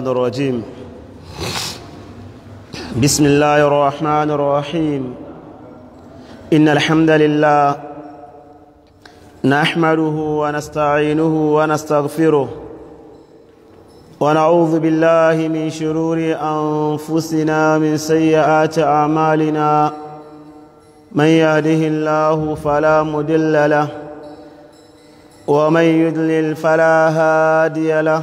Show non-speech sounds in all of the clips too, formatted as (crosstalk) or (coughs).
الشيطان الرجيم بسم الله الرحمن الرحيم إن الحمد لله نحمده ونستعينه ونستغفره ونعوذ بالله من شرور أنفسنا من سيئات أعمالنا من يهده الله فلا مدل له ومن يدلل فلا هادي له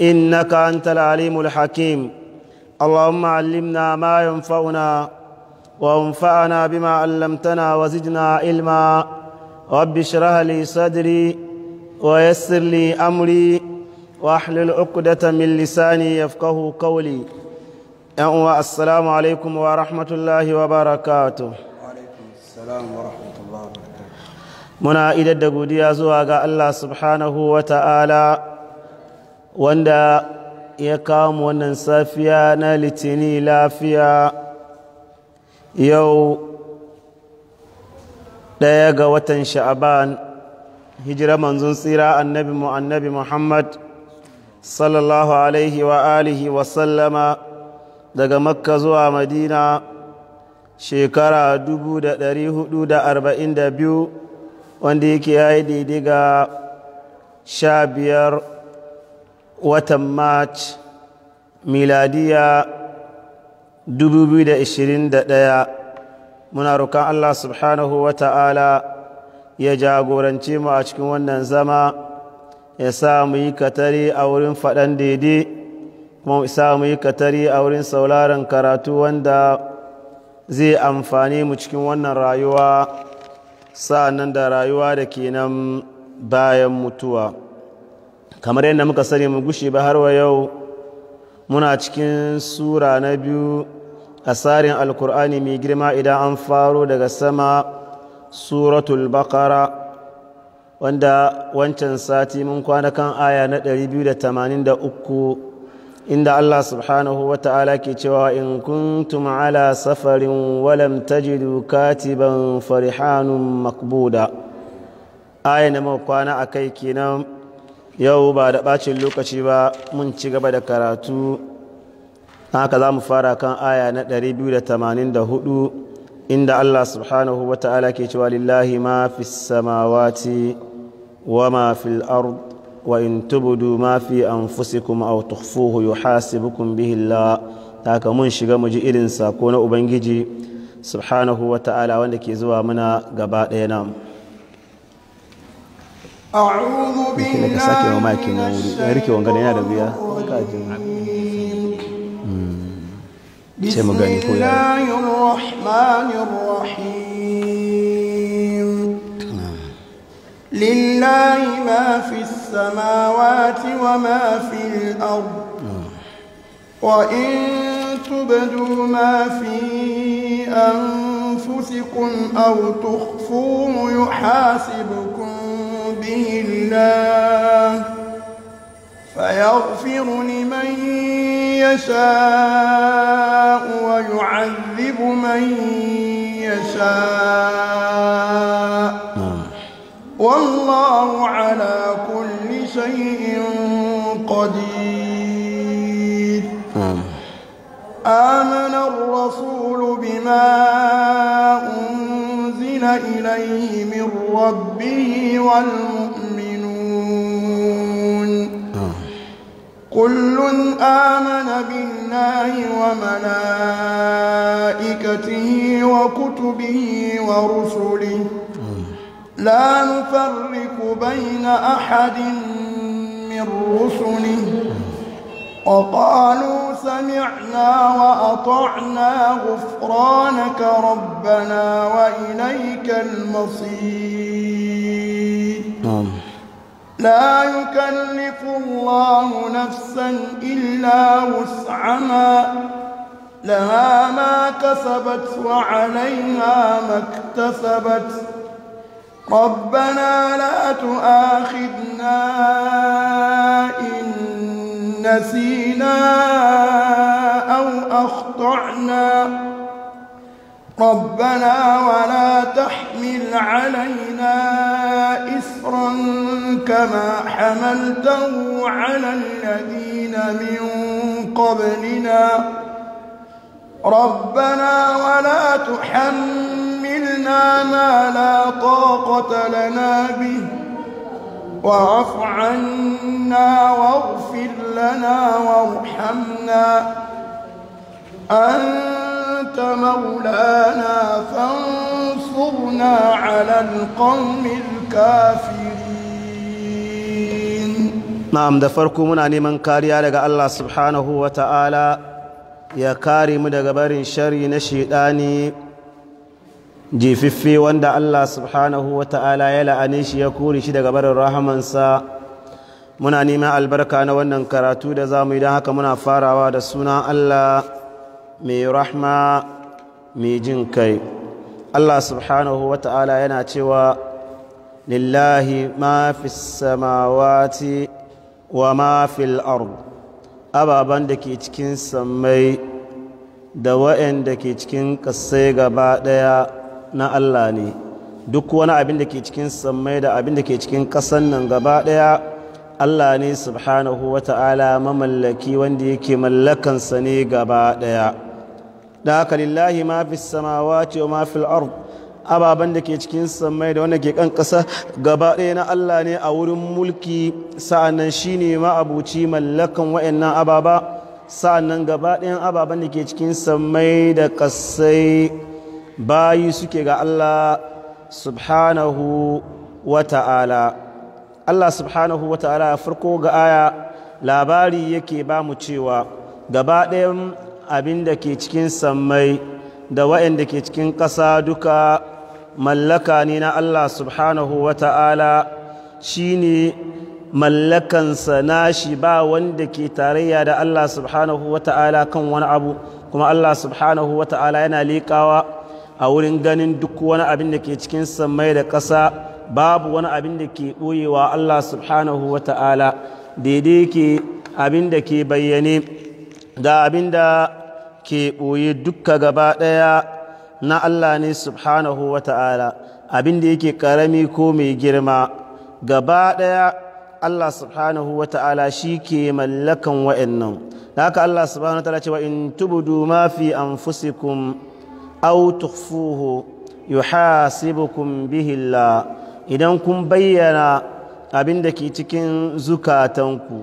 انك انت العليم الحكيم اللهم علمنا ما ينفعنا وانفعنا بما علمتنا وزدنا علما رب اشرح لي صدري ويسر لي امري واحلل عقدة من لساني يفقه قولي السلام عليكم ورحمة الله وبركاته وعليكم السلام ورحمة الله وبركاته منا إذا الدقودية زواج الله سبحانه وتعالى wanda ya kamu wannan safiya na litini lafiya yau ɗaya ga watan sha'aban hijira manzon tsira annabi mu annabi muhammad sallallahu alaihi wa alihi wa sallama daga makka zuwa madina shekara 442 wanda yake ya yi daidai ga sha biyar watan march miladiya 2021 muna roƙon allah subhanahu wa ta'ala ya jagorance mu a cikin wannan zama ya sa mu yi katari a wurin faɗan daidai kuma sa mu yi katari a wurin sauraron karatu wanda zai amfani mu cikin wannan rayuwa sa'annan da rayuwa da kenan bayan mutuwa kamar yadda muka sani mu gushe ba har wa yau muna cikin sura na biyu a tsarin alkur'ani mai girma idan an faro daga sama suratul bakara wanda wancan sati mun kwana kan aya na 283 inda Allah subhanahu wa ta'ala ke cewa in kuntum ala safarin walam tajidu katiban farihanun makbuda aya na kwana a kai kenan yau ba da ɓacin lokaci ba mun ci gaba da karatu haka za mu fara kan aya na 284 inda Allah subhanahu wa ta'ala ke cewa lillahi ma fi samawati wa ma fi al'ard wa in tubudu ma fi anfusikum aw tukhfuhu yuhasibukum bihi Allah haka mun shiga mu ji irin sako na ubangiji subhanahu wa ta'ala wanda ke zuwa muna gaba ɗaya namu أعوذ بالله من الشيطان الرجيم بسم الله الرحمن الرحيم لله ما في السماوات وما في الأرض وإن تبدوا ما في أنفسكم أو تخفوه يحاسبكم به الله فيغفر لمن يشاء ويعذب من يشاء والله على كل شيء قدير آمن الرسول بما أنزل أنزل إليه من ربه والمؤمنون آه. كل آمن بالله وملائكته وكتبه ورسله آه. لا نفرق بين أحد من رسله آه. وقالوا سمعنا وأطعنا غفرانك ربنا وإليك المصير نعم. لا يكلف الله نفسا إلا وسعها لها ما كسبت وعليها ما اكتسبت ربنا لا تؤاخذنا إن نسينا أو أخطعنا ربنا ولا تحمل علينا إسرا كما حملته على الذين من قبلنا ربنا ولا تحملنا ما لا طاقة لنا به واعف عنا واغفر لنا وارحمنا أنت مولانا فانصرنا على القوم الكافرين نعم ده فرقو من أني من كاري لك الله سبحانه وتعالى يا كاري من شر شري نشيطاني jififfe wanda Allah subhanahu wa ta'ala ya la'ane shi ya kore shi daga barin rahamansa muna neman albarka na wannan karatu da za mu yi don haka muna farawa da suna Allah mai rahma mai jin kai Allah subhanahu wa ta'ala yana cewa lillahi ma samawati wa ma fil ard ababen da ke cikin sammai da wa'yan da ke cikin ƙasai gaba ɗaya na Allah ne duk wani abin da ke cikin sammai da abin da ke cikin ƙasan nan gaba ɗaya Allah ne subhanahu wa ta'ala mamallaki wanda yake mallakansa ne gaba ɗaya da haka lillahi ma fi samawati wa ma fi ard ababen da ke cikin sammai da wanda ke kan ƙasa gaba ɗaya na Allah ne a wurin mulki sa'annan ma ma'abuci mallakan wa'annan ababa sa'annan gaba ɗayan ababen da ke cikin sammai da ƙasai bayi suke ga Allah subhanahu wa ta'ala Allah subhanahu wa ta'ala farko ga aya labari yake ba mu cewa gaba ɗayan abin da ke cikin sammai da waɗanda ke cikin ƙasa duka mallaka ne na Allah subhanahu wa ta'ala shi ne mallakansa nashi ba wanda ke tarayya da Allah subhanahu wa ta'ala kan wani abu kuma Allah subhanahu wa ta'ala yana liƙawa a wurin ganin duk wani abin da ke cikin samai da ƙasa babu wani abin da ke ɓoyewa Allah subhanahu wa ta'ala daidai ke abin da ke bayyane da abin da ke ɓoye duka gaba ɗaya na Allah ne subhanahu wa ta'ala abin da yake ƙarami ko mai girma gaba ɗaya Allah subhanahu wa ta'ala shi ke mallakan wa'annan da haka Allah subhanahu wa ta'ala cewa in tubudu ma fi anfusikum aw tukhfuhu yuhasibukum bihi Allah idan kun bayyana abin da ke cikin zukatanku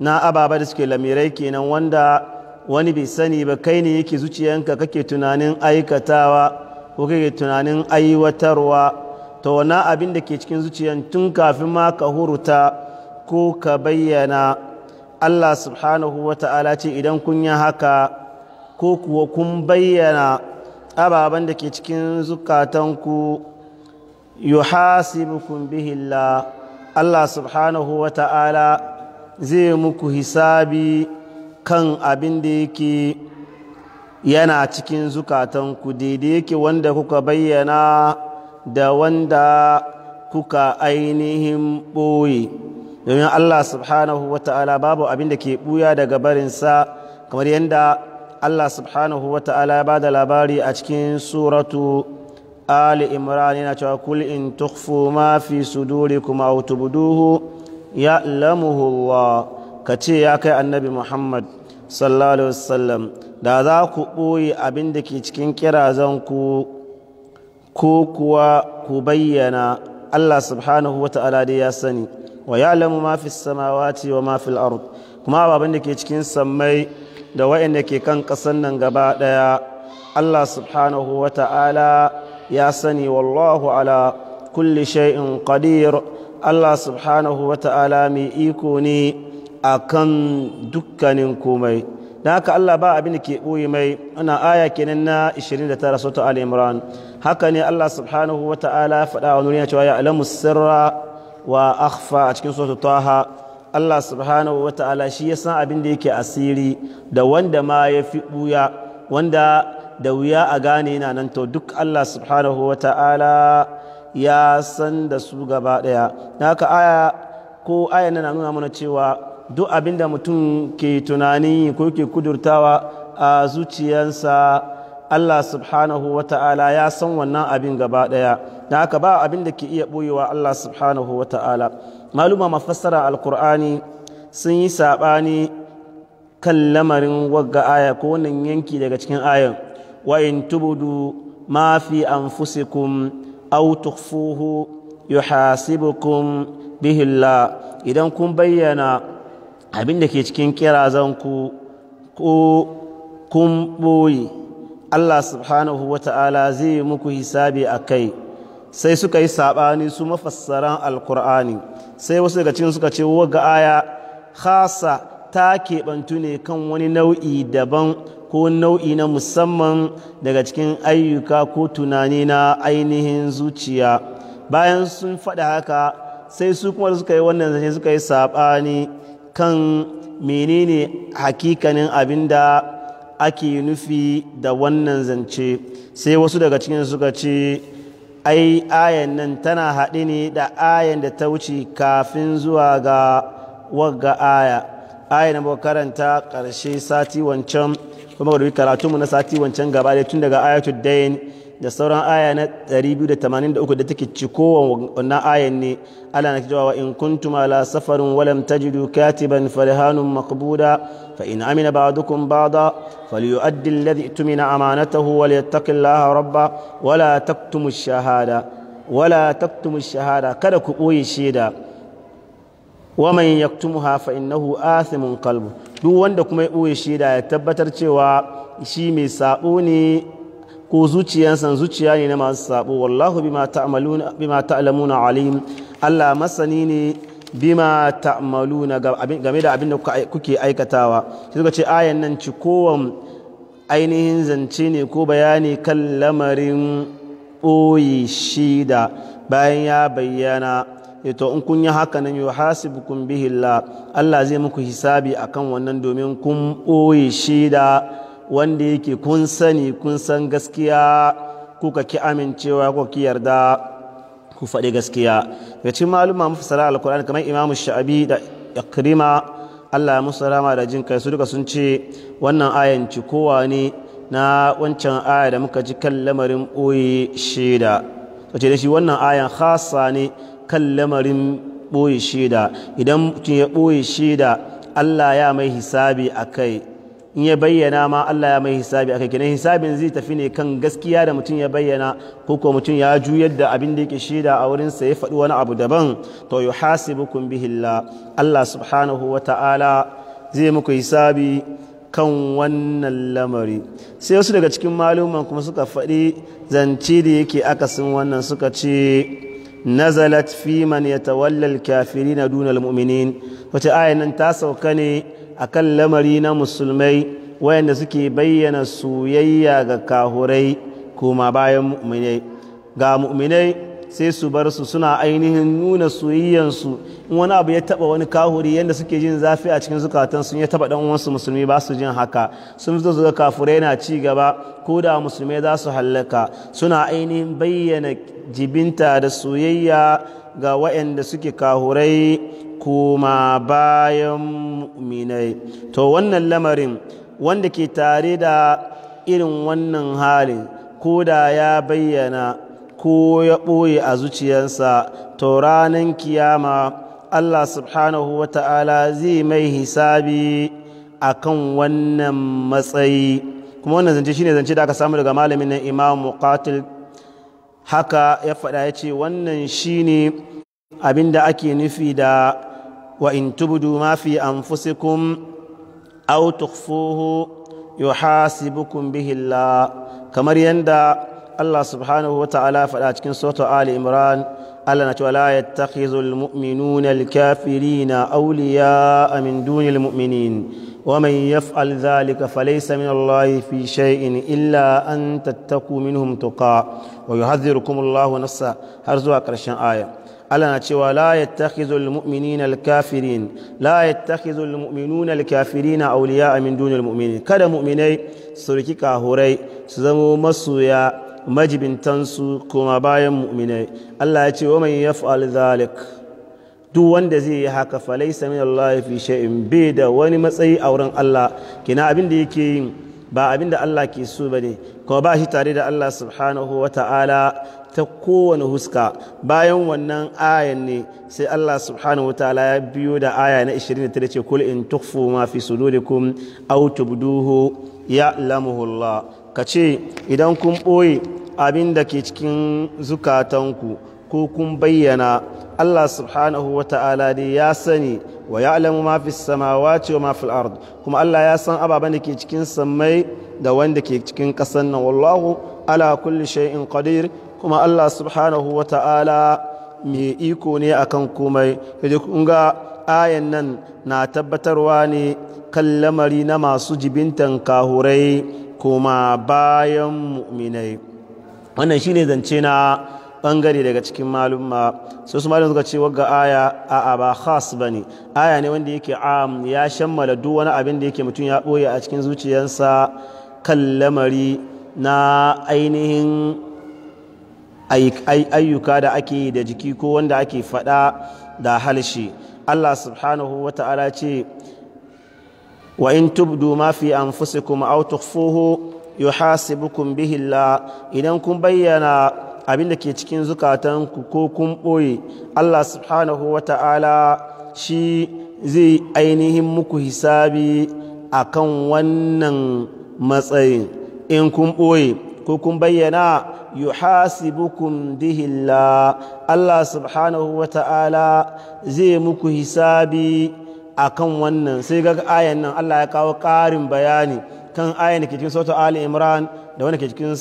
na ababa da suke lamirai kenan wanda wani bai sani ba kai ne yake zuciyanka kake tunanin aikatawa ko kake tunanin aiwatarwa to na abin da ke cikin zuciyan tun kafin ma ka huruta ko ka bayyana Allah subhanahu wa ta'ala ce idan kun yi haka ko kuwa kun bayyana ababen da ke cikin zukatanku yuhasibukum bihillah Allah subhanahu wa ta'ala zai muku hisabi kan abin da yake yana cikin zukatanku daidai yake wanda kuka bayyana da wanda kuka ainihin ɓoye domin Allah subhanahu wa ta'ala babu abin da ke ɓuya daga barinsa kamar yadda Allah subhanahu wa ta'ala ya bada labari a cikin suratu Ali Imran yana cewa kul in tukhfu ma fi sudurikum aw tubduhu ya'lamuhu Allah ka ce ya kai annabi Muhammad sallallahu alaihi wasallam da za ku ɓoye abin da ke cikin kirazan ku ko kuwa ku bayyana Allah subhanahu wa ta'ala dai ya sani wa ya'lamu ma fi samawati wa ma fil ard kuma abin da ke cikin sammai da waɗanda ke kan ƙasar nan gaba ɗaya Allah subhanahu wa ta'ala ya sani wallahu ala kulli shay'in qadir Allah subhanahu wa ta'ala mai iko ne a kan dukkanin komai da haka Allah ba abin da ke ɓoye mai ana aya kenan na 29 sautu Ali Imran haka ne Allah subhanahu wa ta'ala faɗa wa nuriya cewa ya alamu sirra wa akhfa a cikin sautu Taha Allah subhanahu wa ta'ala shi ya san abin da yake asiri da wanda ma ya fi ɓuya wanda da wuya a gane yana nan to duk Allah subhanahu wa ta'ala ya san da su gaba ɗaya na ka aya ko aya na nuna mana cewa duk abin da mutum ke tunani ko ke kudurtawa a zuciyarsa Allah subhanahu wa ta'ala ya san wannan abin gaba ɗaya na haka ba abin da ke iya ɓoyewa Allah subhanahu wa ta'ala maluma mafassara alkur'ani sun yi saɓani kan lamarin wagga aya ko wannan yanki daga cikin ayan wa in tubudu ma fi anfusikum aw tukhfuhu yuhasibukum bihi idan kun bayyana abin da ke cikin ku ko kun ɓoye Allah subhanahu wa ta'ala zai muku hisabi a kai sai suka yi saɓani su mafassaran alkur'ani sai wasu daga cikin suka ce waga aya khasa ta keɓantu ne kan wani nau'i daban ko nau'i na musamman daga cikin ayyuka ko tunani na ainihin zuciya bayan sun faɗa haka sai su kuma suka yi wannan zance suka yi saɓani kan menene hakikanin abin da ake nufi da wannan zance sai wasu daga cikin suka ce ai ayan nan tana haɗe ne da ayan da ta wuce kafin zuwa ga wagga aya ayan da karanta ƙarshe sati wancan kuma ga karatunmu na sati wancan gaba da tun daga ayatul dain da sauran aya na 283 da take cikowa wannan ayan ne Allah na cewa in kuntum ala safarin walam tajidu katiban farhanun maqbuda fa in amina ba'dukum ba'da falyu'addi alladhi tumina amanatahu walyattaqillaha rabba wala taktumu shahada wala taktumu shahada kada ku boye shaida wa man yaktumuha fa innahu athimun qalbu duk wanda kuma ya boye shaida ya tabbatar cewa shi mai sabo ne ko zuciyansa zuciya ne na masu sabo wallahu bima ta'lamuna alim Allah masani ne bima ta'maluna game da abin da kuke aikatawa sai suka ce ayan nan ci kowan ainihin zance ne ko bayani kan lamarin ɓoye shida bayan ya bayyana to in kun yi haka nan yuhasibukum bihi Allah Allah zai muku hisabi akan wannan domin kun ɓoye shida wanda yake kun sani kun san gaskiya kuka ki amincewa ko ki yarda ku faɗi gaskiya ga cikin maluma mafasara alkur'ani kamar imamu sha'abi da ikrima Allah ya musu rama da jin kai su duka sun ce wannan ayan ci kowa ne na wancan aya da muka ji kan lamarin ɓoye shaida Wace da shi wannan ayan hasa ne kan lamarin ɓoye shaida idan mutum ya ɓoye shaida Allah ya mai hisabi a kai in ya bayyana ma Allah ya mai hisabi a kenan hisabin zai tafi ne kan gaskiya da mutum ya bayyana ko ko mutum ya juyar da abin da yake shaida a wurin sa ya faɗi wani abu daban to yuhasibukum bihilla Allah subhanahu wa ta'ala zai muku hisabi kan wannan lamari sai wasu daga cikin maluman kuma suka faɗi zance da yake akasin wannan suka ce nazalat fi man yatawalla al-kafirin duna al-mu'minin wata ayan nan ta sauka ne a kan lamari na musulmai wayanda suke bayyana soyayya ga kahurai kuma bayan mu'minai ga mu'minai sai su bar su suna ainihin nuna soyayyansu in wani abu ya taba wani kahuri yanda suke jin zafi a cikin zukatan sun ya taba dan uwansu musulmi ba su jin haka sun zo su ga kafurai na ci gaba ko da musulmai za su hallaka suna ainihin bayyana jibinta da soyayya ga wayanda suke kahurai koma bayan mu'minai to wannan lamarin wanda ke tare da irin wannan halin ko da ya bayyana ko ya ɓoye a zuciyarsa to ranar kiyama Allah subhanahu wa ta'ala zai mai hisabi a kan wannan matsayi kuma wannan zance shi ne zance da aka samu daga malamin nan imam muqatil haka ya faɗa ya ce wannan shine abin da ake nufi da وإن تبدوا ما في أنفسكم أو تخفوه يحاسبكم به الله كما يندى الله سبحانه وتعالى فلا تكن صوت آل إمران ألا ولا يتخذ المؤمنون الكافرين أولياء من دون المؤمنين ومن يفعل ذلك فليس من الله في شيء إلا أن تتقوا منهم تقى ويحذركم الله نصا هرزوا كرشا آية Allah na cewa la yattakhizul mu'minina al-kafirin la yattakhizul mu'minuna al-kafirina min dunil mu'minin kada mu'minai su riki kahurai su zama masoya majibintansu kuma bayan mu'minai Allah ya ce wa man yaf'al zalik duk wanda zai yi haka falaisa min Allah fi shay'in bai da wani matsayi a wurin Allah kina abin da yake yin ba abin da Allah ke so bane kuma ba shi tare da Allah subhanahu wa ta'ala ta kowane huska bayan wannan ayan ne sai Allah subhanahu wa ta'ala ya biyo da aya na 29 ce kul in tukfu ma fi sudurikum aw tubduhu ya'lamuhu Allah idan kun boye abin da ke cikin zukatanku ko kun bayyana Allah subhanahu wa ta'ala dai ya sani wa ya'lamu ma fi samawati wa ma fil ard kuma Allah ya san ababen da ke cikin sammai da wanda ke cikin ƙasar nan wallahu ala kulli shay'in qadir kuma Allah subhanahu wa ta'ala mai iko ne akan komai yadda kun ga ayan nan na tabbatarwa ne kan lamari na masu jibintan kahurai kuma bayan mu'minai wannan shi ne zance na bangare daga cikin malumma sai su malum suka ce wagga aya a ba khas bane aya ne wanda yake am ya shammala duk wani abin da yake mutum ya ɓoye a cikin zuciyarsa kan lamari na ainihin ayyuka da ake yi da jiki ko wanda ake faɗa da halshe Allah subhanahu wa ta'ala ce wa in tubdu ma fi anfusikum aw tukhfuhu yuhasibukum bihi Allah idan kun bayyana abin da ke cikin zukatanku ko kun ɓoye Allah subhanahu wa ta'ala shi zai ainihin muku hisabi akan wannan matsayin in kun ɓoye ko kun bayyana yuhasibukum bihillah Allah subhanahu ta'ala zai muku hisabi akan wannan sai ga ayan nan Allah ya kawo ƙarin bayani kan ayan da ke cikin sautu Ali Imran da wanda ke cikin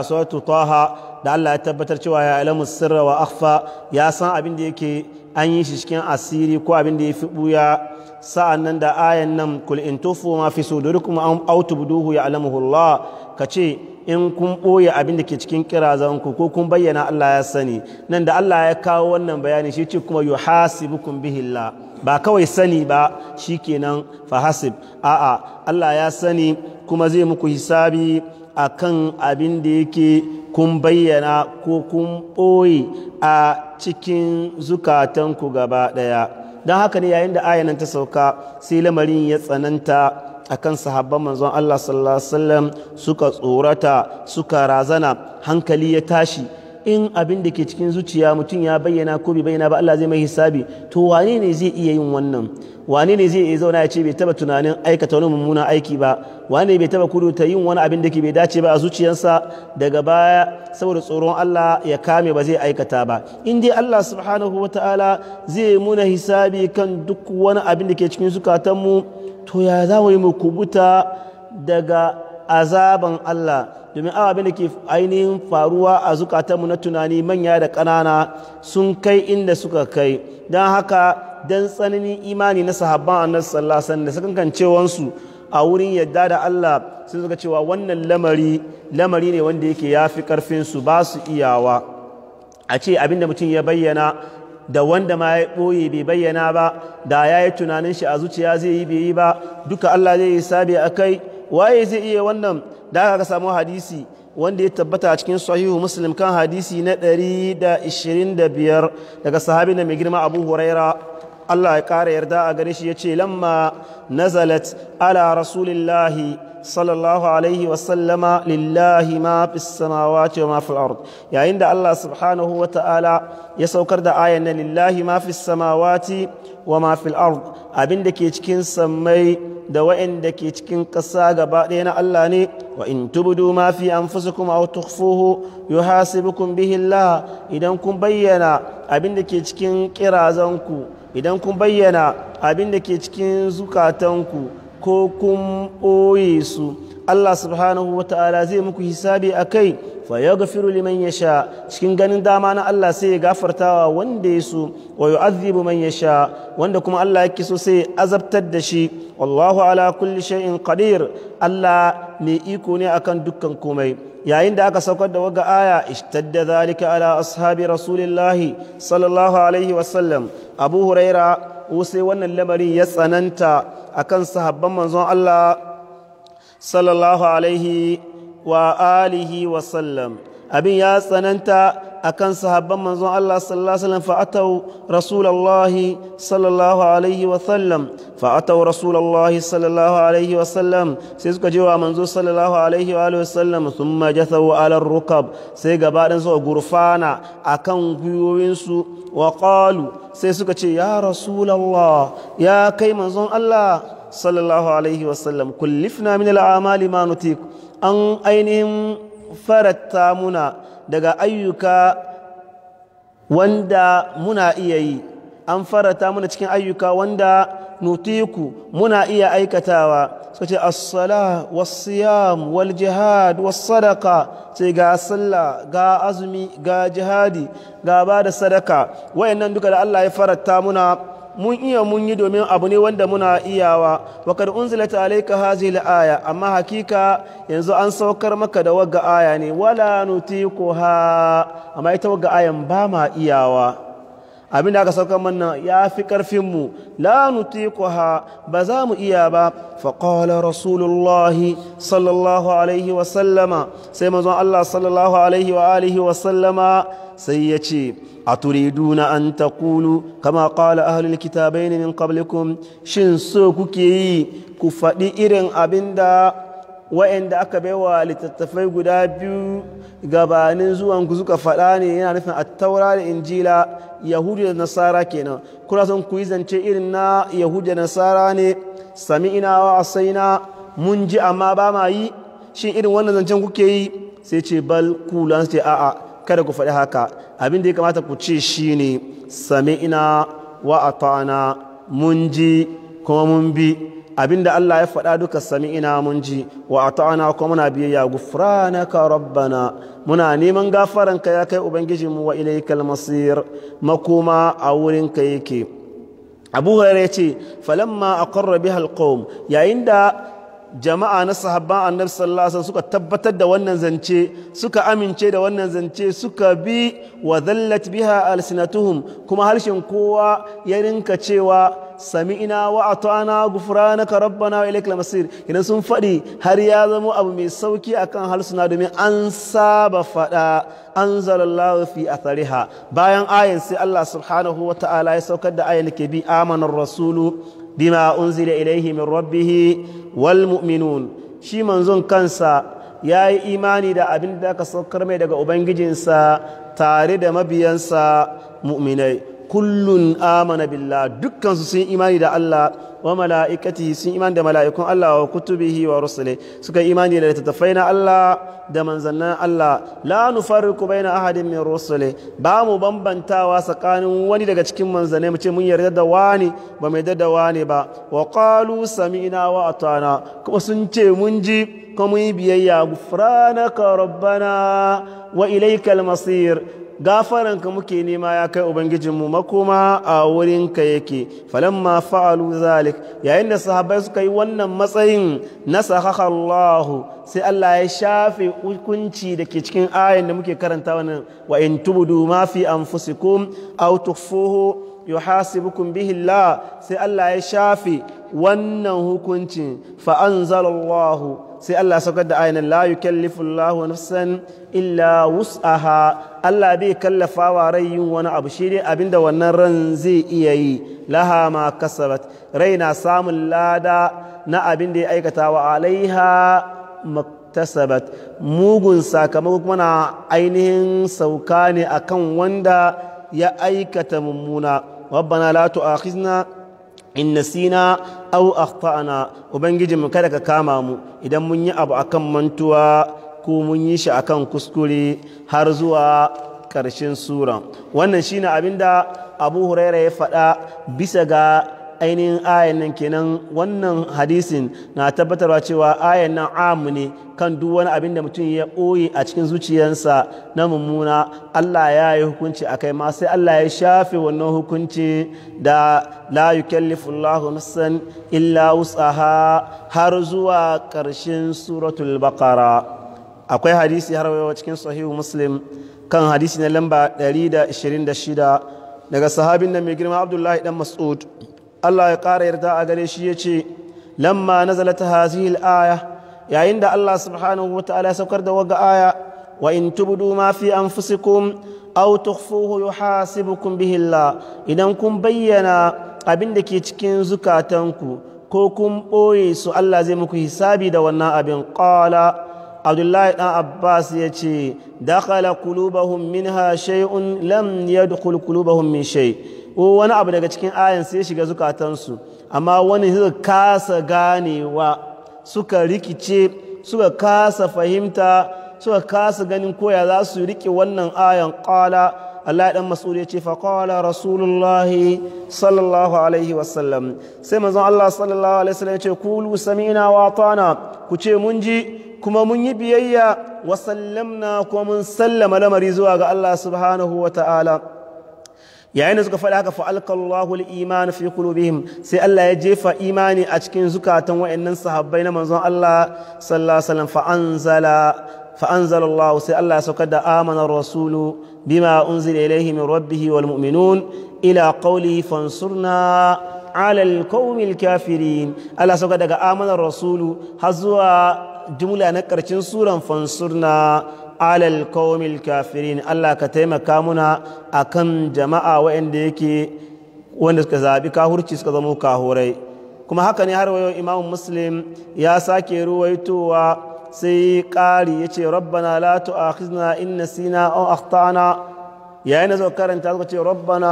sautu Taha da Allah ya tabbatar cewa ya alamu sirra wa akhfa ya san abin da yake an yi shi cikin asiri ko abin da ya fi buya sa'an nan da ayan nan so in tufu ma fi buduhu ya alamu ya'lamuhu Ka ce in kun ɓoye abin da ke cikin kirazanku ko kun bayyana Allah ya sani nan da Allah ya kawo wannan bayani shi ce kuma yuhasibukum bihi la. ba kawai sani ba shi shikenan fa hasib a'a Allah ya sani kuma zai muku hisabi a kan abin da yake kun bayyana ko kun ɓoye a cikin zukatanku gaba ɗaya don haka ne yayin da ayanan ta sauka sai lamarin ya tsananta akan sahabban manzon Allah sallallahu alaihi wasallam suka tsorata suka razana hankali ya tashi in abin da ke cikin zuciya mutum ya bayyana ko bai bayyana ba Allah zai mai hisabi to wane ne zai iya yin wannan wane ne zai iya zauna ya ce bai taba tunanin aikata wani mummunan aiki ba wane bai taba ta yin wani abin da ke bai dace ba a zuciyarsa daga baya saboda tsoron Allah ya kame ba zai aikata ba in dai Allah subhanahu wataala zai muna hisabi kan duk wani abin da ke cikin zukatanmu to ya za mu yi mu kubuta daga azaban Allah domin abin da ke ainihin faruwa a zukatanmu na tunani manya da ƙanana sun kai inda suka kai don haka don tsananin imani na sahabban annabi sallallahu da sakankan cewansu a wurin yadda da Allah sun suka cewa wannan lamari lamari ne wanda yake yafi karfin su ba su iyawa a ce abin da mutum ya bayyana da wanda ma ya ɓoye bai bayyana ba da ya yi tunanin shi a zuciya zai yi bai yi ba duka Allah zai yi sabi a kai waye zai iya wannan da aka samu hadisi wanda ya tabbata a cikin sahihu muslim kan hadisi na 125 daga sahabi na mai girma abu huraira Allah ya kara yarda a gare shi ya ce lamma nazalat ala rasulillahi sallallahu alaihi wasallama lillahi ma fi samawati wa ma fi ard yayin da Allah subhanahu wa ta'ala ya saukar da ayan na lillahi ma fi samawati wa ma fi ard abin da ke cikin sammai da wa'anda ke cikin ƙasa gaba ɗaya na Allah ne wa in tubdu ma fi anfusikum aw tukhfuhu yuhasibukum bihi Allah idan kun bayyana abin da ke cikin kirazanku idan kun bayyana abin da ke cikin zukatanku ko kun ɓoye su Allah subhanahu wa ta'ala zai muku hisabi a kai fa ya gafiru liman ya sha cikin ganin dama na Allah sai ya gafartawa wanda ya so wa yu'adhibu man ya sha wanda kuma Allah yake so sai azabtar da shi wallahu ala kulli shay'in qadir Allah mai iko ne akan dukkan komai yayin da aka saukar da waga aya ishtadda zalika ala ashabi Rasulillah. sallallahu alaihi wasallam abu huraira sai wannan lamarin ya tsananta akan sahabban manzon Allah sallallahu alaihi wa alihi wa sallam abin ya tsananta akan sahabban manzon Allah sallallahu alaihi sallam fa'atau rasulullahi sallallahu alaihi wa sallam sallallahu alaihi sai suka je wa manzo sallallahu alaihi wa sallam thumma jathau ala rukab sai gabaɗin su gurfana akan kan gwiwowinsu wa ƙalu sai suka ce ya Rasulallah ya kai manzon Allah sallallahu alaihi wasallam kullifna min al'amali ma nutik an ainihin faratta muna daga ayyuka wanda muna iya yi an farata muna cikin ayyuka wanda nutiku muna iya aikatawa suka ce as-sala wal jihad was sadaka. sai ga sallah ga azumi ga jihadi ga ba da sadaka wayannan duka da Allah ya farata muna mun iya mun yi domin abu ne wanda muna iyawa wa unzila ta alaika hazi aya amma hakika yanzu an saukar maka da wagga aya ne wala ha amma ita wagga ayan ba ma iyawa abinda aka saukar mana ya fi ƙarfinmu la nutiquha ba za mu iya ba faƙola rasulullahi sallallahu alaihi wasallama sai manzon Allah sallallahu alaihi wa alihi wasallama sai ya ce a turiduna an ta kulu kama ƙala ahalul kitabai ne min ƙablikun shin so kuke yi ku faɗi irin abinda Wa'inda aka baiwa littattafai guda biyu gabanin zuwan ku suka faɗa ne yana nufin taura da injila yahudu da nasara kenan kuna son ku yi zance irin na yahudu da nasara ne ina wa na mun ji amma ba ma yi shi irin wannan zancen kuke yi sai ce bal kulan ce a'a kada ku faɗi haka abin da ya kamata ku ce shine ina wa ata'ana mun ji kuma mun bi abinda Allah ya faɗa duka sami ina mun ji wa na kuma muna biyayya gufranaka rabbana muna neman ka ya kai ubangijinmu wa ilaikal kalmasir makoma a wurin ka yake abu hurairah yace falamma aqarra biha alqawm yayin da jama'a na sahabban annabi sallallahu alaihi suka tabbatar da wannan zance suka amince da wannan zance suka bi wa zallat biha alsinatuhum kuma harshen kowa ya rinka cewa sami'ina wa atana gufranaka rabbana wa ilaikal masir idan sun faɗi har ya zama abu mai sauki akan harsuna domin an saba faɗa anzalallahu fi athariha bayan ayan sai Allah subhanahu wa ta'ala ya saukar da ayin ke bi amanar rasulu bima unzila ilaihi min rabbih wal mu'minun shi manzon kansa ya yi imani da abin da aka saukar mai daga ubangijinsa tare da mabiyansa mu'minai kullun amana billah dukkan su sun imani da Allah wa mala'ikati sun imani da mala'ikun Allah wa kutubihi wa rusuli suka imani da littattafai na Allah da manzannin Allah la nufarriqu baina ahadin min rusuli ba mu bambantawa tsakanin wani daga cikin manzanai mu ce mun yarda da wani ba mai yarda da wani ba wa qalu sami'na wa atana kuma sun ce mun ji kuma mun yi biyayya gufranaka rabbana wa ilaikal masir gafaranka muke nema ya kai ubangijin ubangijinmu makoma a wurinka yake falamma fa'alu zalik yayin da sahabbai suka yi wannan matsayin na Allah sai Allah ya shafe hukunci da ke cikin ayin da muke karanta wannan wa in tubudu ma fi anfusikum aw tukhfuhu yuhasibukum bihi Allah sai Allah ya shafe wannan hukuncin fa anzalallahu sai Allah saukar da ayanin la yukallifu nafsan illa wus'aha Allah bai kallafa wa rai yin wani abu shi ne abinda wannan ran zai iya yi laha ma kasabat rai na samun lada na abin da ya aikata wa alaiha maktasabat mugun sakamako kuma na ainihin sauka ne akan wanda ya aikata mummuna rabbana la tu'akhizna in nasina aw akhtana ubangiji mu kada ka kama mu idan mun yi abu akan mantuwa ko mun yi shi akan kuskure har zuwa ƙarshen sura wannan shine abinda Abu Huraira ya faɗa bisa ga ainihin ayan nan kenan wannan hadisin na tabbatarwa cewa ayan nan amu ne kan duk wani abin da mutum ya ɓoye a cikin zuciyarsa na mummuna Allah ya yi hukunci a kai ma sai Allah ya shafe wannan hukunci da la yukallifu Allahu nafsan illa wus'aha har zuwa ƙarshen suratul baqara akwai hadisi har wayo cikin sahihu muslim kan hadisi na lamba 126 daga sahabin nan mai girma Abdullahi dan Mas'ud Allah ya ƙara yarda a gare shi ya ce lamma hazihil aya yayin da Allah subhanahu wataala ya saukar da waga aya wa in tubdu ma fi anfusikum aw tukhfuhu yuhasibukum bihi Allah idan kun bayyana abin da ke cikin zukatanku ko kun ɓoye su Allah zai muku hisabi da wannan abin qala Abdullahi ɗan Abbas ya ce dakhala qulubahum minha shay'un lam yadkhul qulubahum min shay' ko wani abu daga cikin ayan sai shiga zukatansu amma wani suka kasa ganewa suka rikice suka kasa fahimta suka kasa ganin koya za su riƙe wannan ayan kala Allah ɗan mas'ud ya ce fa qala rasulullah sallallahu alaihi wasallam sai manzon Allah sallallahu alaihi wasallam ya ce kulu sami'na wa atana ku ce mun ji kuma mun yi biyayya wa sallamna kuma mun sallama lamari zuwa ga Allah subhanahu wa ta'ala yayin da suka faɗi haka fa alkallahu al-iman fi qulubihim sai Allah ya jefa imani a cikin zukatan wayannan sahabbai na manzon Allah sallallahu alaihi wasallam fa sai Allah ya saukar da amana rasulu bima unzila ilayhi min rabbih ila qawlihi fansurna ala al-qawmi Allah saukar daga amanar rasulu har zuwa jumla na karshen suran fansurna alal kawomil kafirin Allah ka taimaka muna kan jama'a waɗanda yake wanda suka zaɓi kahurci suka zama kahurai kuma haka ne har wayo imamu muslim ya sake ruwaitowa sai ƙari ya ce rabbana la tu'akhizna in nasina aw akhtana yayin da zaka karanta zaka ce rabbana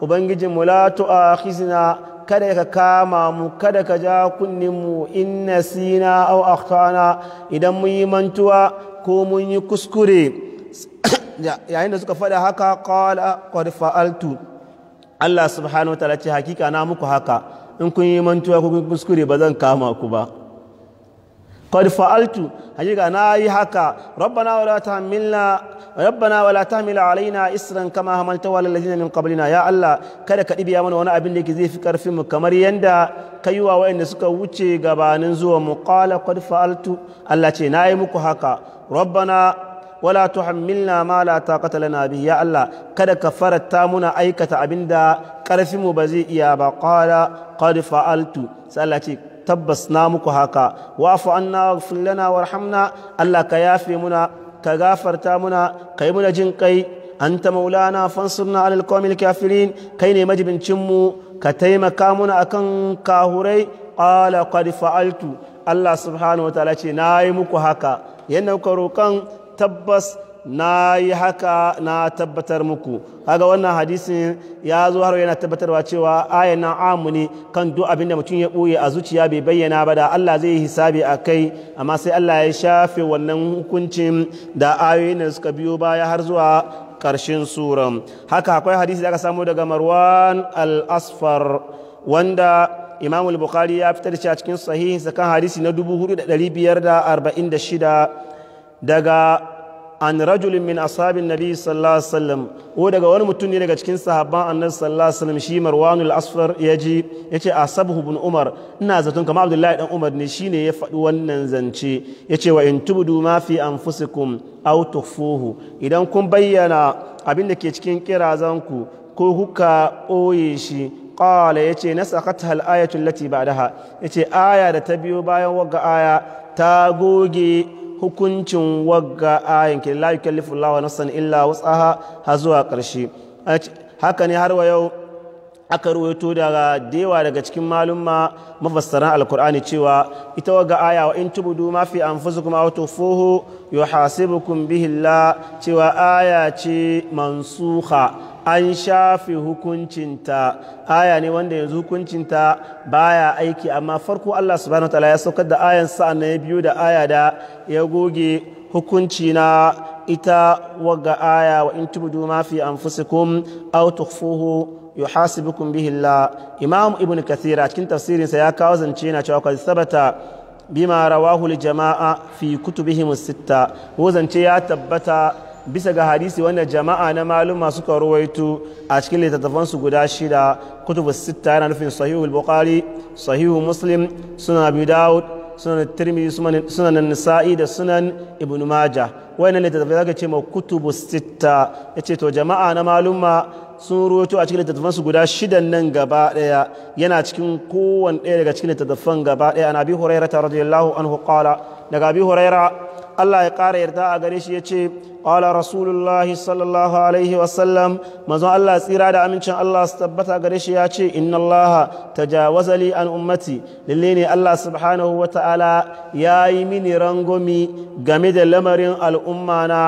ubangijin mu la tu'akhizna kada ka kama mu kada ka ja kunnin mu in nasina aw akhtana idan mu yi mantuwa ko mun yi kuskure (coughs) yayin da suka faɗa haka ƙwala ƙwarfa altu Allah subhanahu wa ta'ala ce hakika na muku haka in kun yi mantuwa ko kuskure ba zan kama ku ba قد فعلت حقيقة أنا يحكى ربنا ولا تحملنا ربنا ولا تحمل علينا إسرا كما حملت على الذين kada ka ɗibiya mana wani abin da ke zai fi ƙarfin mu kamar yanda wa wayanda suka wuce gabanin zuwa mu qala qad fa'altu Allah ce na yi muku haka rabbana wala tuhammilna ma la taqata lana bihi ya Allah kada ka farata muna aikata abinda karfin mu ba zai iya ba qala qad fa'altu sai Allah ce tabbas na muku haka wa'fu anna waghfir lana warhamna Allah ka yafe muna ka gafarta muna kai muna jin kai anta maulana fansurna alal qawmil kafirin kai ne majibincin mu ka taimaka muna akan kahurai qala qad fa'altu Allah subhanahu wa ta'ala ce nayi muku haka yana kuka roƙan tabbas na yi haka na tabbatar muku kaga wannan hadisin ya zo har yana tabbatarwa cewa ayan na amuni kan duk abin da mutum ya ɓoye a zuciya bai bayyana ba da Allah zai hisabi a kai amma sai Allah ya shafe wannan hukuncin da ayoyin da suka biyo baya har zuwa ƙarshen sura." haka akwai hadisi da aka samu daga marwan al-asfar wanda imam al-bukhari ya fitar shi a cikin sahihinsa kan hadisi na 4546 daga an rajulin min asabin nabi sallallahu alaihi wasallam ko daga wani mutum ne daga cikin sahabban annabi sallallahu alaihi wasallam shi marwanul asfar yaji yace asabhu ibn umar ina zaton kamar abdullahi dan umar ne shine ya faɗi wannan zance yace wa in tubdu ma fi anfusikum aw tukhfuhu idan kun bayyana abin da ke cikin kirazanku ko kuka ɓoye shi qala yace nasakatha al allati ba'daha yace aya da ta biyo bayan waga aya ta goge hukuncin wagga ayin ke la yukallifu na nafsan illa wus'aha ha zuwa ƙarshe haka ne har wa yau aka ruwaito daga dewa daga cikin malumma mafassaran alkur'ani cewa ita waga aya wa in tubudu ma fi anfusikum aw tufuhu yuhasibukum bihi Allah cewa aya ce mansuha an shafi hukuncinta aya ne wanda yanzu hukuncinta baya aiki amma farko Allah subhanahu wataala ya saukar da ayan sa'an na biyu da aya da ya goge hukunci na ita waga aya wa in tubdu ma fi anfusikum aw tukhfuhu yuhasibukum bihi Allah Imam Ibn Kathir a cikin tafsirinsa ya kawo zance na cewa qad sabata bima rawahu al-jama'a fi kutubihim as-sitta zance ya tabbata bisa ga hadisi wanda jama'a na maluma suka ruwaito a cikin littattafansu guda shida kutubu sita yana nufin Sahihu bukhari sahihu muslim sunan abu sunan tirmidhi sunan nisa'i da sunan ibn majah Wani littattafai zaka ce ma kutubu sita yace to jama'a na maluma sun ruwaito a cikin littattafansu guda shida nan gaba daya yana cikin kowanne daya daga cikin littattafan gaba daya an abi hurairah radiyallahu anhu qala daga abi hurairah Allah ya kara yarda a gare shi ya ce qala rasulullahi sallallahu alaihi wasallam manzon Allah tsira da amincin Allah su tabbata gare shi ya ce inna Allah tajawaza li an ummati lalle ne Allah subhanahu wa ta'ala yayi mini rangomi game da lamarin al'umma na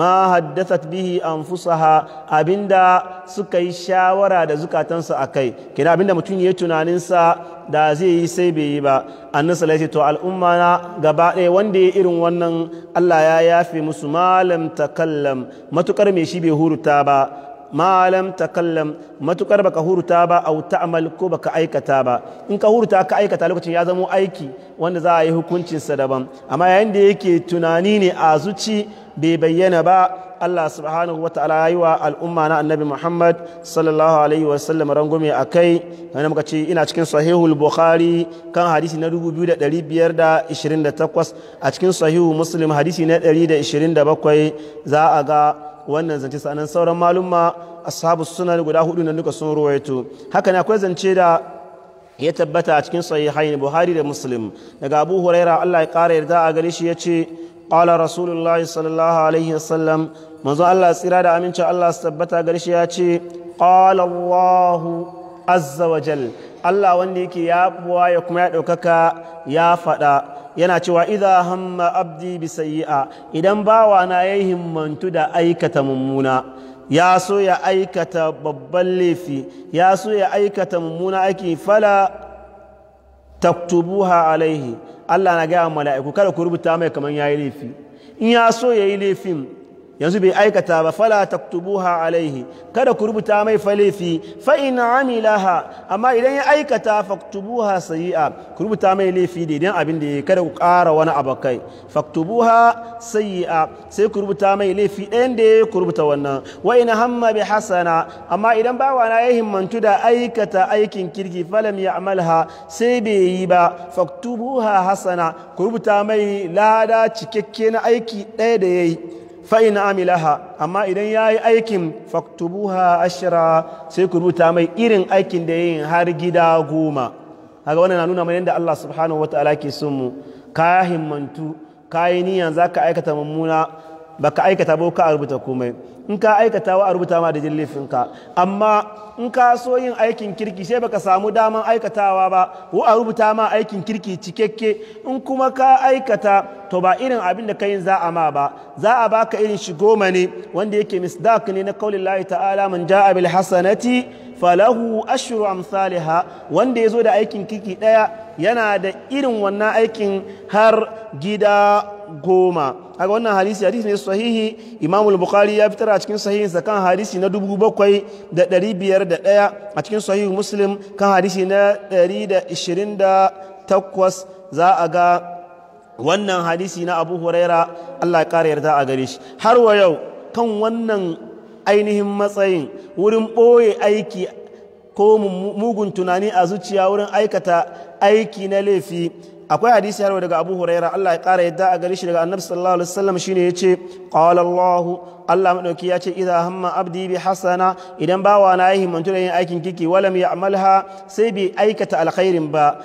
ma bihi bihi fusaha abinda suka yi shawara da zukatansa kai kina abinda mutum ya tunaninsa da zai yi sai bai yi ba annan salati to al'umma na gaba ɗaya wanda ya irin wannan Allah ya yafe musu malam ta takallam matukar mai shi bai huruta ba malam takallam matukar baka huruta ba au ta'mal ko baka aikata ba in ka huruta ka aikata lokacin ya zamo aiki wanda za a yi hukuncinsa daban amma yayin da yake tunani ne a zuci bai bayyana ba Allah subhanahu wa ta'ala yi wa al'umma na annabi Muhammad sallallahu alaihi wa sallam rangume a kai wani muka ce ina cikin sahihul Bukhari kan hadisi na 2528 a cikin sahihu Muslim hadisi na 127 za a ga wannan zance sanan sauran malumma ashabu sunan guda hudu na duka sun ruwaito haka ne akwai zance da ya tabbata a cikin sahihain Buhari da Muslim daga Abu Huraira Allah ya kara yarda a gare shi yace الله صلى sallallahu alaihi وسلم manzo Allah tsira da amincin Allah su tabbata garshi ya ce qala azza wa jal Allah wanda yake ya buwa ya kuma ya ɗaukaka ya faɗa yana cewa 'Iza hamma abdi bi sayyi'a idan bawa na ya himmantu da aikata mummuna ya so ya aikata babban laifi ya so ya aikata mummuna aiki fala taktubuha alaihi Allah na gaya mala'iku kada ku rubuta mai kamar yayi laifi in ya so yayi laifin yanzu bai aikata ba fala taktubuha alaihi kada ku rubuta mai falifi fa in amilaha amma idan ya aikata faktubuha sayi'a ku rubuta mai laifi da idan abin da ya kada ku ƙara wani abakai faktubuha sayi'a sai ku rubuta mai laifi ɗayan da ya ku rubuta wannan wa in hamma bi hasana amma idan bawana ya himmantu da aikata aikin kirki falam ya amalha sai bai yi ba faktubuha hasana ku rubuta mai lada cikakke na aiki ɗaya da ya yi fa'in amilaha amma idan ya yi aikin faktubuha ashira sai ku rubuta mai irin aikin da yin har gida goma haka wani na nuna mai yadda Allah subhanahu wa ta'ala ke sun mu ka himmantu ka niyan za ka aikata mummuna baka aikata ba ka rubuta komai in ka aikata wa rubuta ma da ka amma in ka so yin aikin kirki sai baka samu daman aikatawa ba wa a rubuta ma aikin kirki cikakke in kuma ka aikata to ba irin abin da kayin za a ma ba za a baka irin shi goma ne wanda yake misdaq ne na kaulin lahi ta'ala man ja'a bil hasanati falahu ashru amsalha wanda yazo da aikin kirki daya yana da irin wannan aikin har gida goma a ga wannan hadisi hadisi ne sahihi imamu bukhari ya fitar a cikin sahihin sa kan hadisi na 7501 a cikin sahihu muslim kan hadisi na 128 za a ga wannan hadisi na abu huraira allah ya kara yarda a gare shi har wa yau kan wannan ainihin matsayin wurin ɓoye aiki ko mugun tunani a zuciya wurin aikata aiki na laifi akwai hadisi yaro daga Abu Huraira Allah ya kara yadda a gari shi daga Annabi sallallahu alaihi wasallam shine yace qala Allah Allah madauki yace idza hamma abdi bi hasana idan bawa na yi himantu da yin aikin kiki walam ya'malha sai bi aikata alkhairin ba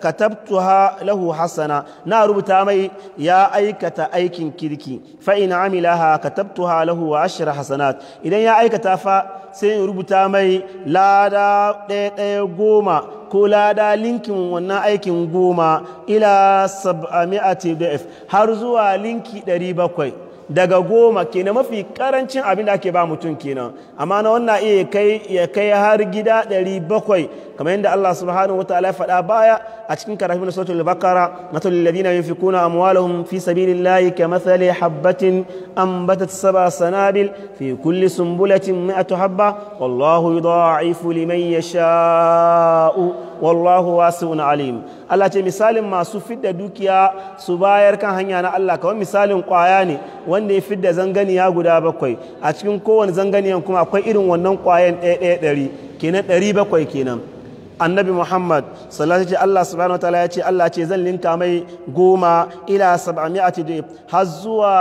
katabtuha lahu hasana na rubuta mai ya aikata aikin kirki fa in amilaha katabtuha lahu wa ashra hasanat idan ya aikata fa sai in rubuta mai lada ɗaya goma ko lada linkin wannan aikin goma ila 700 har zuwa linki ɗari daga goma kenan mafi karancin abin da ake ba mutum kenan amma na wannan iya kai kai har gida ɗari kamar yadda Allah subhanahu wataala ya faɗa baya a cikin karatun suratul bakara matul ladina yunfikuna amwalahum fi sabilillahi kamathali habbatin ambatat sab'a sanabil fi kulli sumbulatin mi'atu habba wallahu yudha'ifu liman yasha'u wallahu wasi'un alim Allah ce misalin masu fidda dukiya su bayar kan hanya na Allah kamar misalin kwaya ne wanda ya fidda zanganiya guda bakwai a cikin kowane zanganiyan kuma akwai irin wannan kwayan ɗaya ɗari kenan ɗari bakwai kenan annabi muhammad sallallahu alaihi allah subhanahu wataala ya ce allah ce zan linka mai goma ila sab'ami'ati har zuwa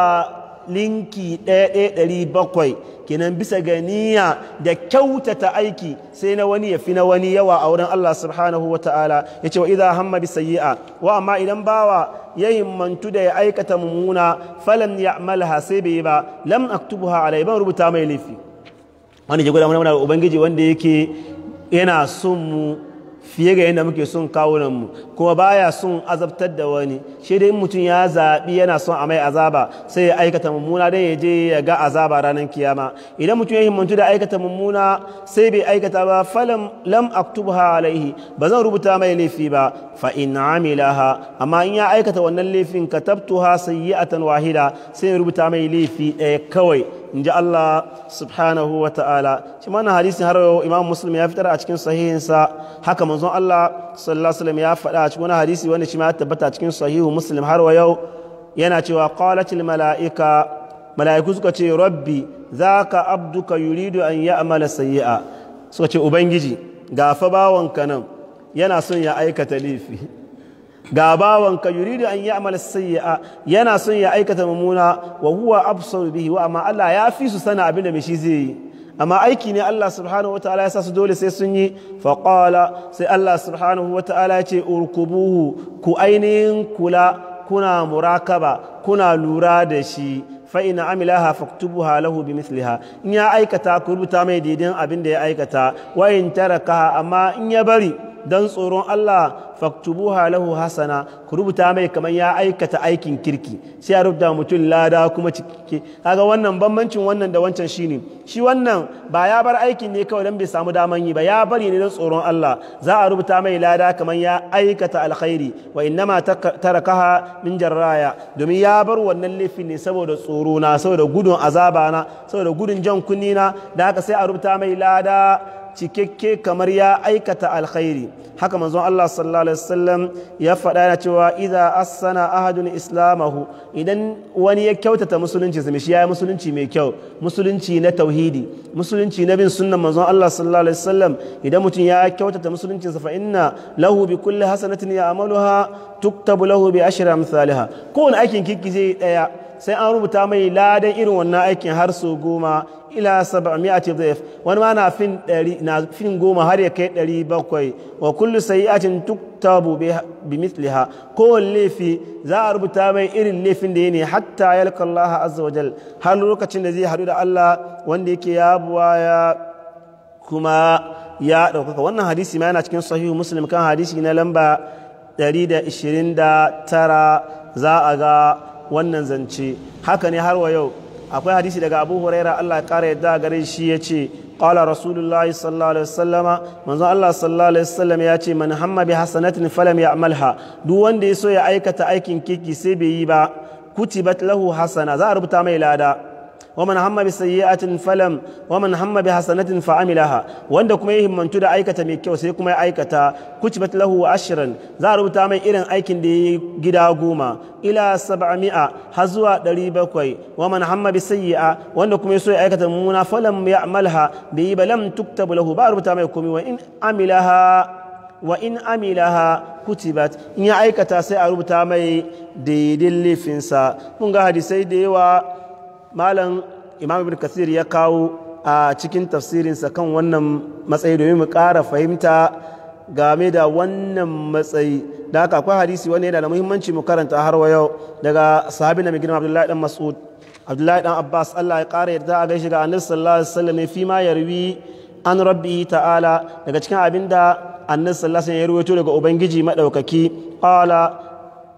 linki ɗaya ɗari kenan bisa ga niyya da kyautata aiki sai na wani ya fi na wani yawa a wurin Allah subhanahu wa ta'ala ya ce wa idan hamma bi sayi'a wa amma idan bawa ya himmantu da ya aikata mummuna falan ya sai bai ba lam aktubuha alai ban rubuta mai laifi wani ke gwada mana ubangiji wanda yake yana son mu fiye ga yadda muke son kawunanmu kuma baya son azabtar da wani shi dai mutum ya zaɓi yana son a mai azaba sai ya aikata mummuna dai ya je ya ga azaba ranar kiyama idan mutum ya himmantu da aikata mummuna sai bai aikata ba falam lam aktubha alaihi ba zan rubuta mai laifi ba fa in amilaha amma in ya aikata wannan laifin ka katabtuha sayyi'atan wahida sai in rubuta mai laifi ɗaya kawai in ji Allah subhanahu wa ta'ala shi mana hadisin har imam muslim ya fitar a cikin sahihinsa haka manzon Allah sallallahu ya faɗa a cikin wani hadisi wanda ya tabbata a cikin sahihu muslim har wa yau yana cewa qalatil mala'ika mala'iku suka ce rabbi zaka abduka yuridu an yi ya'mala sayyi'a suka ce ubangiji gafa bawanka nan yana son ya aikata laifi ga bawanka yuridu an yi amal sayyi'a yana son ya aikata mummuna wa huwa absaru bihi wa amma Allah ya fi su sana abinda mai shi zai yi amma aiki ne Allah subhanahu wa ta'ala ya sa su dole sai sun yi qala sai Allah subhanahu wa ta'ala ya ce urkubuhu ku ainihin kula kuna murakaba kuna lura da shi Fa ina amilaha faktubuha lahu bi in ya aikata ku rubuta mai didin abin da ya aikata wa in taraka amma in ya bari dan tsoron Allah faktubuha lahu hasana ku rubuta mai kamar ya aikata aikin kirki sai a rubuta mutum lada kuma cike kaga wannan bambancin wannan da wancan shine shi wannan ba ya bar aikin ne kawai dan bai samu daman yi ba ya bari ne don tsoron Allah za a rubuta mai lada kamar ya aikata alkhairi wa innama tarakaha min jarraya domin ya bar wannan laifin ne saboda tsoro na saboda gudun azaba na saboda gudun jan kunni na da haka sai a rubuta mai lada cikakke kamar ya aikata alkhairi haka manzon Allah sallallahu alaihi wasallam ya faɗa yana cewa idza asana ahadun islamahu idan wani ya kyautata musulunci sa shi yayi musulunci mai kyau musulunci na tauhidi musulunci na bin sunnan manzon Allah sallallahu alaihi wasallam idan mutum ya kyautata musulunci sa fa inna lahu bi kulli hasanatin ya'maluha tuktabu lahu bi ashri amsalha kowane aikin kiki zai daya sai an rubuta mai ladan irin wannan aikin har su goma ila 700 wani ma na fin goma har ya kai 700 wa kullu sayi'atin tuktabu bi mithliha kowane laifi za a rubuta mai irin laifin da ya ne hatta yalqa Allah azza wa har lokacin da zai haɗu da Allah wanda yake ya ya kuma ya ɗaukaka wannan hadisi ma yana cikin sahihu muslim kan hadisi na lamba 129 za a ga wannan zance haka ne har wa yau akwai hadisi daga abu huraira allah kara yadda gare shi ya ce ƙala rasulullahi sallallahu alaihi wasallama manzon allah sallallahu alaihi wasallam ya ce man hamma bi hasanatin falam ya'malha duk wanda ya so ya aikata aikin kirki sai bai yi ba kuti batlahu hasana za a rubuta mai lada ومن هم بسيئة فلم ومن هم بحسنة فعملها وند كما يهمنتو da aikata mai kyau sai kuma ya aikata kutibat lahu ashran za a rubuta mai irin aikin da yayi gida goma ila 700 har zuwa ɗari wa man hamma bi sayyi'a wanda kuma yaso ya aikata muna falam ya'malha bi balam tuktab lahu ba rubuta mai komai amilaha wa in kutibat in ya aikata sai a rubuta mai daidin laifinsa mun ga hadisai da yawa malam imam ibn kasir ya kawo a cikin tafsirinsa kan wannan matsayi domin mu ƙara fahimta game da wannan matsayi da aka akwai hadisi wanda yana da muhimmanci mu karanta har wa yau daga sahabi na migina abdullahi dan mas'ud abdullahi dan abbas allah ya ƙara yarda a gaishe ga annabi sallallahu alaihi wasallam fi ma yarwi an rabbi ta'ala daga cikin abinda da annabi sallallahu alaihi wasallam ya ruwaito daga ubangiji madaukaki qala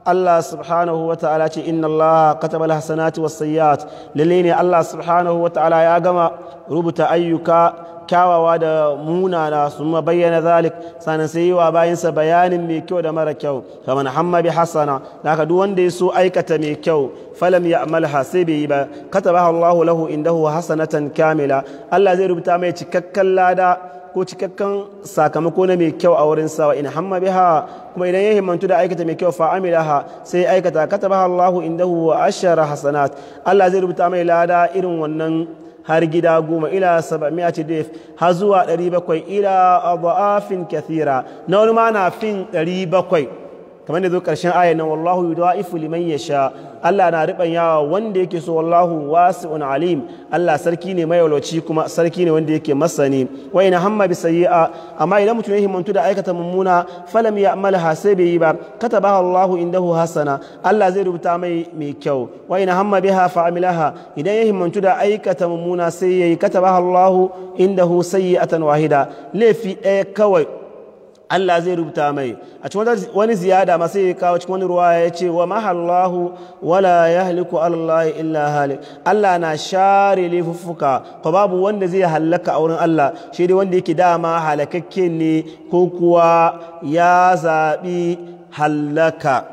Allah subhanahu wa ta'ala ce inna Allah kataba alhasanati was-sayyi'at lalle ne Allah subhanahu wa ta'ala ya gama rubuta ayyuka kyawawa da munana sun bayyana zalik sanan sai wa bayansa bayanin mai kyau da mara kyau kamar hamma bi hasana da haka duk wanda ya so aikata mai kyau falam ya amalha sai bai yi ba katabaha Allahu lahu indahu hasanatan kamila Allah zai rubuta mai cikakken lada ko cikakken sakamako na mai kyau a wurin sawa in hamma biha kuma idan ya himmantu da aikata mai kyau fa amilaha sai aikata katabaha Allahu indahu wa ashara hasanat Allah zai rubuta mai lada irin wannan har gida goma ila 700 def har zuwa 700 ila adafin kathira na wani ma na fin 700 kamar da zo karshen ayan nan wallahu yudaifu liman sha. Allah na riban yawa wanda yake so wallahu wasi'un alim Allah sarki ne mai kuma sarki ne wanda yake masani wa ina hamma bi sayyi'a amma idan mutum ya himmantu da aikata mummuna falam ya'malha sai bai yi ba katabaha Allahu indahu hasana Allah zai rubuta mai mai kyau wa ina hamma biha fa'amilaha idan ya himmantu da aikata mummuna sai yayi katabaha Allahu indahu sayyi'atan wahida laifi ɗaya kawai Allah zai rubuta mai a cikin wani ziyada ma sai ya kawo cikin wani ruwa ya ce wa mahallahu wala yahliku Allah illa Allah na share laifuffuka ko babu wanda zai halaka a wurin Allah shi dai wanda yake dama halakakke ne ko kuwa ya zaɓi halaka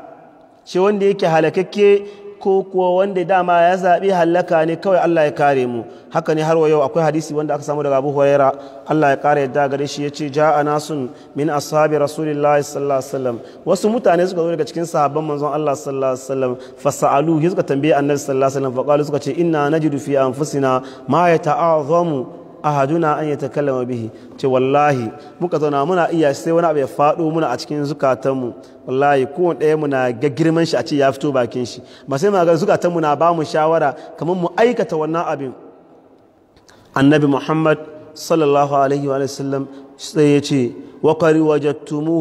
shi wanda yake halakakke ko kuwa wanda dama ya zaɓi hallaka ne kawai Allah ya kare mu haka ne har yau akwai hadisi wanda aka samu daga Abu Huraira Allah ya kare yadda gare shi ya yace ja'a nasun min ashabi rasulillahi sallallahu alaihi wasallam wasu mutane suka zo daga cikin sahabban manzon Allah sallallahu alaihi wasallam fasalu suka tambaye annabi sallallahu alaihi wasallam faqalu suka ce inna najidu fi anfusina ma yata'azamu ahaduna an yatakallama bihi ce wallahi muka zauna muna iya sai wani abu ya faɗo muna a cikin zukatanmu wallahi ko ɗaya muna ga girman shi a ce ya fito bakin shi ba sai ga zukatanmu na ba mu shawara kamar mu aikata wannan abin annabi muhammad sallallahu alaihi wa sallam sai ya ce wa qad ya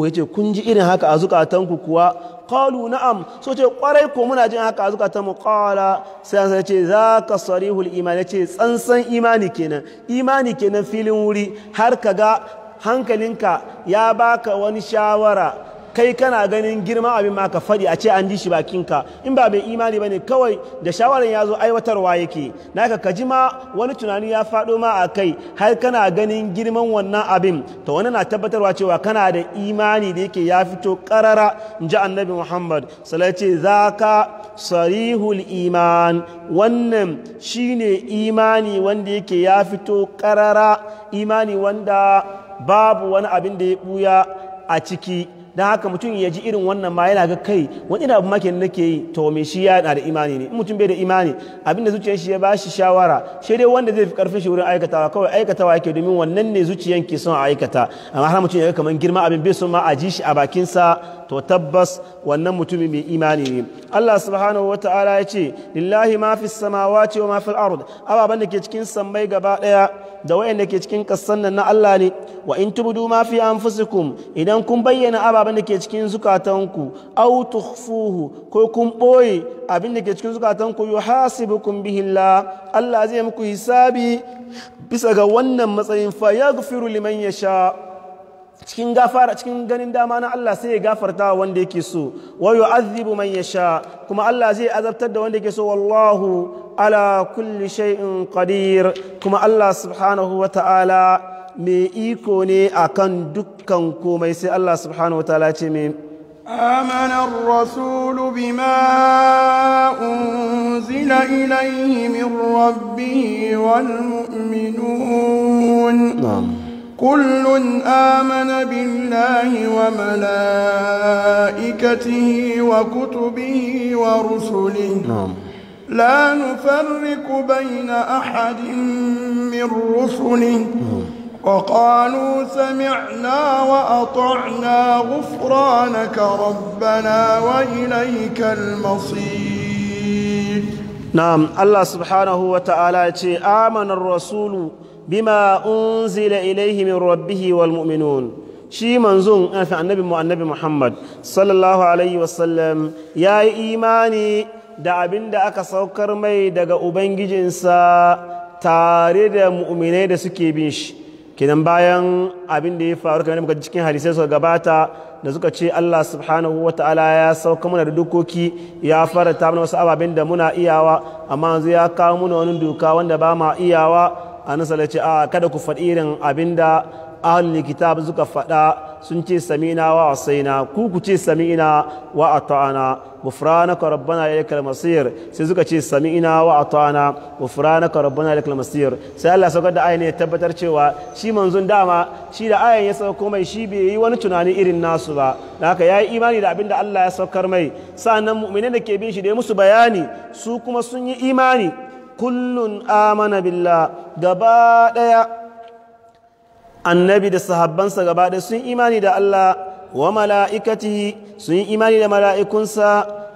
yace kun ji irin haka a zukatanku kuwa qalu na'am so ce kwarai ko muna jin haka zukata mu qala sai sai ce za zaka sarihul imani ce tsantsan imani kenan imani kenan filin wuri har kaga hankalinka ya baka wani shawara kai kana ganin girma abin ma ka faɗi a ce an ji shi bakinka in ba mai imani bane kawai da shawarar ya zo aiwatarwa yake naka ka ji ma wani tunani ya faɗo ma a kai har kana ganin girman wannan abin to wani na tabbatarwa cewa kana da imani da yake ya fito karara in ji annabi muhammad sallallahu ce zaka sarihul iman wannan shine imani wanda yake ya fito karara imani wanda babu wani abin da ya buya a ciki don haka mutum ya ji irin wannan ma yana ga kai wani abu ma kenan nake yi to me shi na da imani ne in mutum bai da imani abinda zuciyar shi ya ba shi shawara shi dai wanda zai fi karfin shi wurin aikatawa kawai aikatawa yake domin wannan ne zuciyar ke son a aikata amma har mutum ya ga kamar girma abin bai son ma a ji shi a bakinsa to tabbas wannan mutumin mai imani ne Allah subhanahu wa ta'ala ya ce lillahi ma fi samawati wa ma fil ard ababan da ke cikin sammai gaba daya da wayanda ke cikin kassan nan na Allah ne wa in tubdu ma fi anfusikum idan kun bayyana ababan da ke cikin zukatanku aw tukhfuhu ko kun boye abin da ke cikin zukatanku yuhasibukum bihi Allah Allah zai muku hisabi bisa ga wannan matsayin fa yaghfiru liman yasha cikin gafara cikin ganin dama na Allah sai ya gafarta wanda yake so wa yu'adhibu man yasha kuma Allah zai azabtar da wanda yake so wallahu ala kulli shay'in qadir kuma Allah subhanahu wa ta'ala mai iko ne akan dukkan komai sai Allah subhanahu wa ta'ala ce mai آمن الرسول بما أنزل إليه من ربه والمؤمنون نعم كل آمن بالله وملائكته وكتبه ورسله نعم. لا نفرق بين أحد من رسله نعم. وقالوا سمعنا وأطعنا غفرانك ربنا وإليك المصير نعم الله سبحانه وتعالى آمن الرسول bima unzila ilaihi min rabbihi wal shi manzon fi annabi mu annabi Muhammad sallallahu alaihi wasallam yayi imani da abinda aka saukar mai daga ubangijinsa tare da mu'minai da suke bin shi kenan bayan abinda ya faru kamar muka cikin hadisai suka gabata da suka ce Allah subhanahu wa ta'ala ya sauka muna da dokoki ya fara mana wasu ababen da muna iyawa amma yanzu ya kawo muna wani doka wanda ba ma iyawa anasa sallallahu ce a ah, kada ku faɗi irin abinda ahlul kitab suka faɗa sun ce sami'na wa asaina ku ku ce ina wa ata'ana ghufranaka rabbana ilaikal masir sai suka ce ina wa ata'ana ghufranaka rabbana ilaikal masir sai Allah saukar da ayan ya tabbatar cewa shi manzon dama shi da ayan ya sauko mai shi bai yi wani tunani irin nasu ba da haka yayi imani da abin da Allah ya saukar mai sa'annan mu'minan da ke bin shi da musu bayani su kuma sun yi imani kullun amana billah gaba daya annabi da sahabbansa gaba daya sun imani da Allah wa mala'ikatihi sun yi imani da mala'ikunsa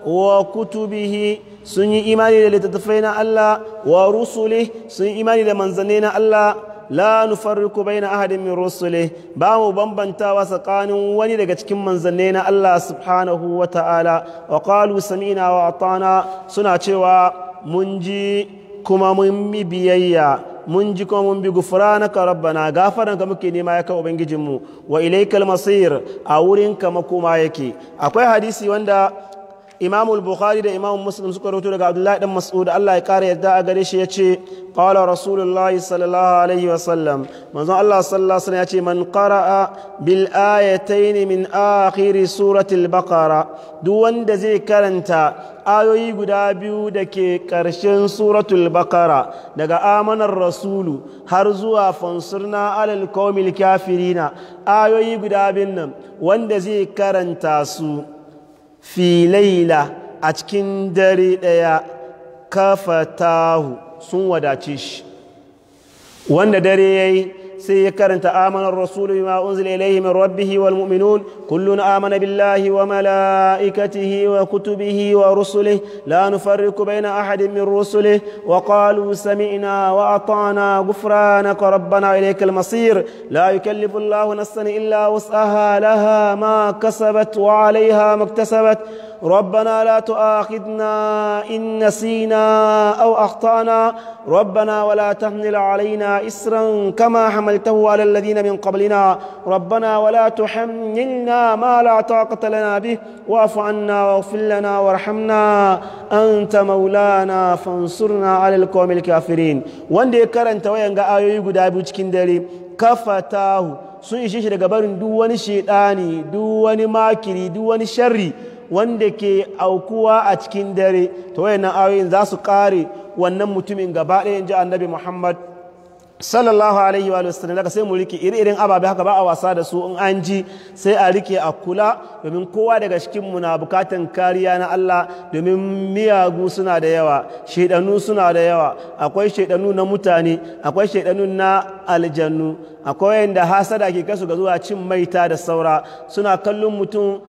wa kutubihi sun yi imani da littattafai na Allah wa rusuli sun yi imani da manzanni na Allah la nufarriku baina ahadin min rusuli ba mu bambantawa tsakanin wani daga cikin manzanni na Allah subhanahu wa ta'ala wa qalu sami'na wa atana suna cewa mun ji kuma mun mi biyayya mun ji kuma mun bi gufranaka rabbana ka muke nema ya kan ubangijinmu wa ilaikal masir a wurinka makoma yake akwai hadisi wanda imamu al-bukhari da imamu muslim suka rawaito daga abdullahi dan mas'ud Allah ya kare yadda a gare shi yace qala rasulullah sallallahu alaihi wa sallam manzon Allah sallallahu alaihi wasallam yace man qara'a bil ayatayn min akhir surati al-baqara duk wanda zai karanta ayoyi guda biyu da ke ƙarshen suratul baqara daga amanar rasulu har zuwa fansurna alal kafirina ayoyi guda biyun nan wanda zai karanta su fi laila a cikin dare ɗaya kafatahu sun wadace shi wanda dare ya yi سيكرنت آمن الرسول بما أنزل إليه من ربه والمؤمنون كل آمن بالله وملائكته وكتبه ورسله لا نفرق بين أحد من رسله وقالوا سمعنا وأطعنا غفرانك ربنا إليك المصير لا يكلف الله نفسا إلا وسعها لها ما كسبت وعليها ما اكتسبت ربنا لا تؤاخذنا إن نسينا أو أخطأنا ربنا ولا تحمل علينا إسرا كما حمل حملته على الذين من قبلنا ربنا ولا تحملنا ما لا طاقة لنا به واعف عنا واغفر لنا وارحمنا أنت مولانا فانصرنا على القوم الكافرين وان دي كرنت وين آيوي قد sun ishe shi daga barin duk wani shaidani duk wani makiri duk wani sharri wanda ke aukuwa a cikin dare to wayannan ayoyin za su kare wannan mutumin gaba ɗaya ji annabi Muhammad sallallahu alaihi wa sallam daga sai mu rike iri-irin ababe haka ba a wasa da su in an ji sai a rike a kula domin kowa daga cikin mu na bukatan kariya na Allah domin miyagu suna da yawa shedanu suna da yawa akwai shedanu na mutane akwai shedanu na aljannu akwai yanda hasada ke kasu ga zuwa cin maita da saura suna kallon mutum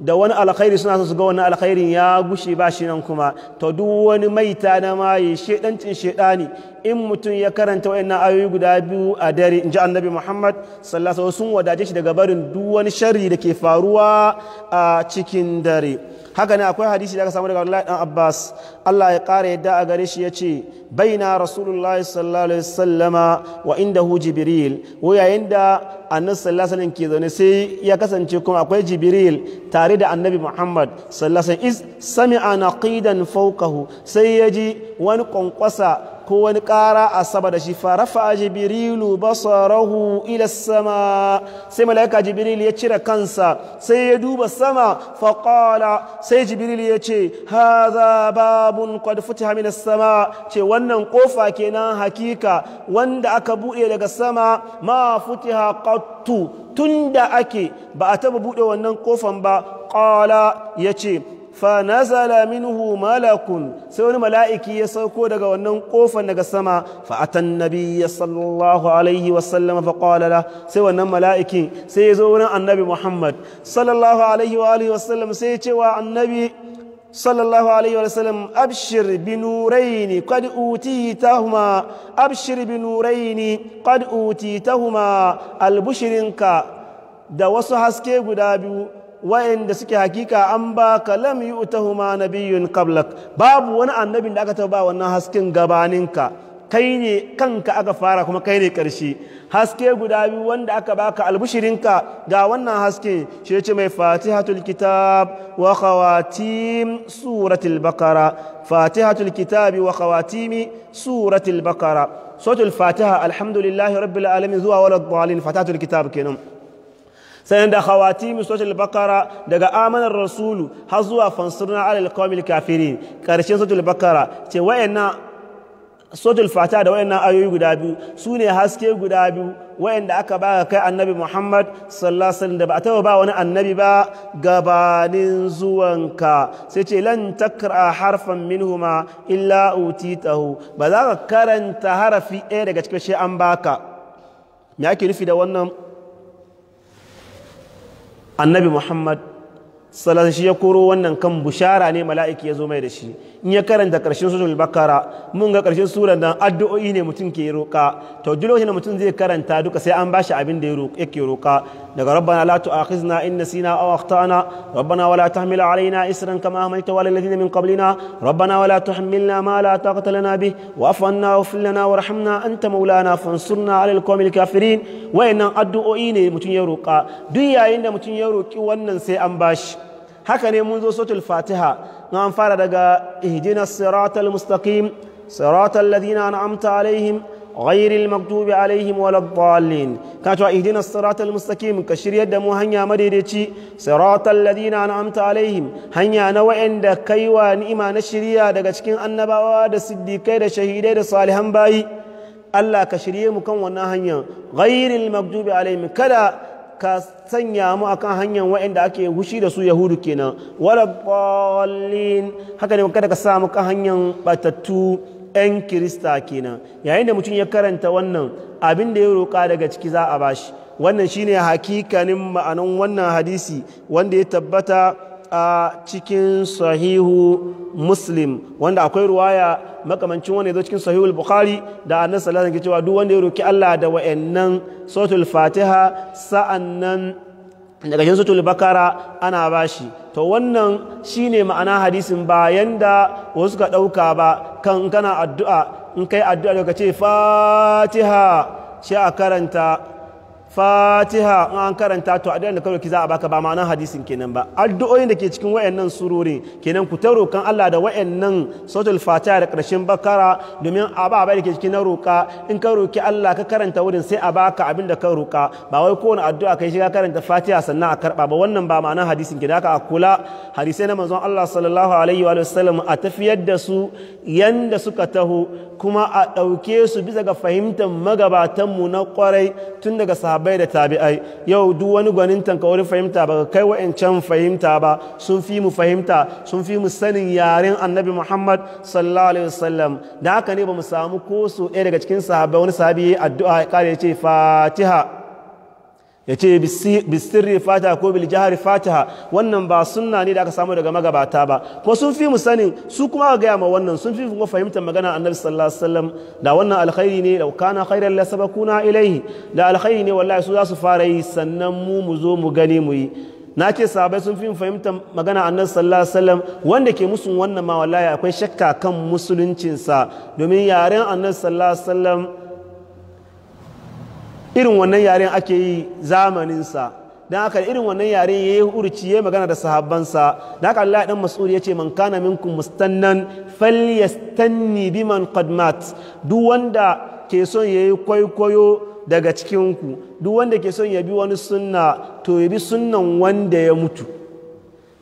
da wani alkhairi suna so su ga wani alkhairin ya gushe ba shi nan kuma to duk wani maita na maye shedancin shedani in mutum ya karanta wayannan ayoyi guda biyu a dare inji annabi Muhammad sallallahu alaihi wasallam sun wadace shi daga barin duk wani sharri da ke faruwa a cikin dare haka ne akwai hadisi da aka samu daga Abdullahi dan Abbas Allah ya kare yadda a gare shi yace baina rasulullahi sallallahu alaihi wasallama wa indahu jibril wa yayin da annabi sallallahu alaihi ke zaune sai ya kasance kuma akwai jibril tare da annabi Muhammad sallallahu alaihi wasallam is sami'a naqidan fawqahu sai yaji wani kwankwasa ko wani ƙara a da shi farafa jibrilu basarahu ila sama sai malaika jibril ya cire kansa sai ya duba sama faƙala sai jibril ya ce haza babun qad futiha sama ce wannan ƙofa kenan hakika wanda aka buɗe daga sama ma futiha qattu tunda ake ba a taba buɗe wannan kofan ba ƙala ya ce fa nazala minhu malakun sai wani mala'iki ya sauko daga wannan kofar daga sama fa atan nabiyya sallallahu alaihi wa sallam fa qala sai wannan mala'ikin sai ya zo wurin annabi Muhammad sallallahu alaihi wa alihi wa sallam sai ya ce wa annabi sallallahu alaihi wa sallam abshir bi nuraini qad utitahuma abshir bi nuraini qad utitahuma albushirinka da wasu haske guda biyu wayanda suke hakika an ba ka lam na biyun kablak babu wani annabin da aka taba ba wannan hasken gabaninka kai ne kanka aka fara kuma kai ne karshe haske guda biyu wanda aka baka albushirinka ga wannan haske shi ce mai fatihatul kitab wa khawatim suratul baqara fatihatul kitabi wa khawatimi suratul bakara suratul fatiha alhamdulillahi rabbil alamin zuwa wal dhalin fatihatul kitab kenan sanin da khawatimu suratul bakara daga amanar rasulu har zuwa fansurna alal qawmil kafirin karshen suratul bakara ce wayanna suratul fata da wayannan ayoyi guda biyu sune haske guda biyu wayanda aka ba kai annabi Muhammad sallallahu da ba taba ba wani annabi ba gabanin zuwanka sai ce lan takra harfan minhuma illa utitahu ba za ka karanta harafi ɗaya daga cikin shi an baka me ake nufi da wannan annabi muhammad sallan shi ya koro wannan kan bushara ne mala'iki ya zo mai da shi in ya karanta karshen suratul bakara mun ga karshen sura nan addu'o'i ne mutum ke roƙa to duk lokacin da mutum zai karanta duka sai an bashi abin da yake roƙa daga rabbana la tu'akhizna in nasina aw akhtana rabbana wala tahmil alaina isran kama hamalta wa alladhina min qablina rabbana wala tuhammilna ma la taqata lana bih wa'fu anna waghfir lana warhamna anta maulana fansurna 'alal qawmil kafirin wayannan addu'o'i ne mutum ya roƙa duk yayin da mutum ya roƙi wannan sai an bashi haka ne mun zo sautul fatiha na an fara daga ihdina siratul mustaqim siratul ladina an amta alaihim ghairil maktubi alaihim wal dallin ka to ihdina siratul mustaqim ka shirya da mu hanya madaidaici siratul ladina an amta alaihim hanya na wa'anda kai wa ni'ima na shirya daga cikin annabawa da Siddikai da shahidai da salihan bayi Allah ka shirye mu kan wannan hanya ghairil maktubi alaihim kada ka sanya mu akan hanyar waɗanda ake hushi da su yahudu kenan wala ballin haka ne kada ka sa mu kan hanyar batattu yan kirista kenan yayin da mutum ya karanta wannan abin da ya roƙa daga ciki za a bashi wannan shine hakikanin ma'anan wannan hadisi wanda ya tabbata a cikin sahihu muslim wanda akwai ruwaya makamancin wanda ya zo cikin sahihu bukhari da annan sallallahu ke cewa duk wanda ya roki Allah da wayannan suratul fatiha sa'annan daga cikin suratul bakara ana bashi to wannan shine ma'ana hadisin bayan da wasu ka dauka ba kan kana addu'a in kai addu'a daga ce fatiha sai a karanta fatiha in an karanta to addu'ar da ka roki za a baka ba ma'anar hadisin kenan ba addu'o'in da ke cikin wayannan surori kenan ku ta rokan Allah da wayannan suratul fatiha da karshen bakara domin ababa da ke cikin na roka in ka roki Allah ka karanta wurin sai a baka abin da ka roka ba wai kowane addu'a ka kai shiga karanta fatiha sannan a karba ba wannan ba ma'anar hadisin kenan haka a kula hadisai na manzon Allah sallallahu alaihi wa sallam a tafiyar da su yanda suka taho kuma a ɗauke su bisa ga fahimtar magabatanmu na kwarai tun daga sahaba sahabbai da tabi'ai yau duk wani gwanintan ka wurin fahimta ba ka kai wa'ancan fahimta ba sun fi mu fahimta sun fi mu sanin yaren annabi muhammad sallallahu alaihi wasallam da haka ne ba mu samu ko so ɗaya daga cikin sahabbai wani sahabi addu'a ya kare ya ce fatiha ya ce bisirri fata ko bil jihari fataha wannan ba sunna ne da aka samu daga magabata ba ko sun fi mu sanin su kuma ga gaya ma wannan sun fi kuma fahimtar magana annabi sallallahu alaihi da wannan alkhairi ne da kana khairan la sabakuna ilaihi da alkhairi ne wallahi su za su fara yi sannan mu mu zo mu gani mu yi na ce sahabai sun fi fahimtar magana annabi sallallahu alaihi wanda ke musu wannan ma wallahi akwai shakka kan musuluncinsa domin yaren annabi sallallahu alaihi wasallam irin wannan yaren ake yi zamaninsa don aka irin wannan yaren ya yi hurci ya magana da sahabbansa da aka Allah ɗan masu ya ce man kana minkum mustannan falyastanni biman qad duk wanda ke son ya yi kwaikwayo daga cikinku. duk wanda ke son ya bi wani sunna to ya bi sunnan wanda ya mutu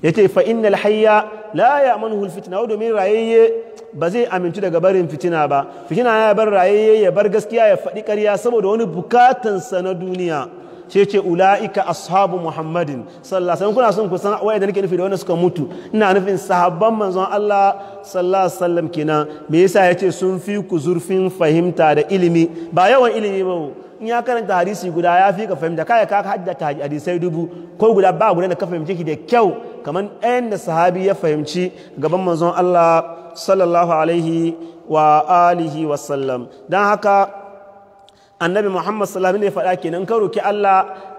Ya ce fa innal hayya la ya manuhul' fitina domin rayayye ba zai amintu daga barin fitina ba fitina ya bar rayayye ya bar gaskiya ya faɗi ƙarya saboda wani bukatansa na duniya ce ce ula'ika ashabu muhammadin sallallahu kuna son ku san da nake nufi da wanda suka mutu ina nufin sahabban manzon Allah sallallahu alaihi kenan me yasa yace sun fi ku zurfin fahimta da ilimi ba yawan ilimi ba in ya karanta hadisi guda ya fi ka fahimta kai ka haddata hadisai dubu ko guda ba guda da ka fahimci ki da kyau kamar ɗayan da sahabi ya fahimci gaban manzon Allah sallallahu alaihi wa alihi wa sallam dan haka annabi Muhammad sallallahu alaihi wa sallam ne faɗa kenan ka roki Allah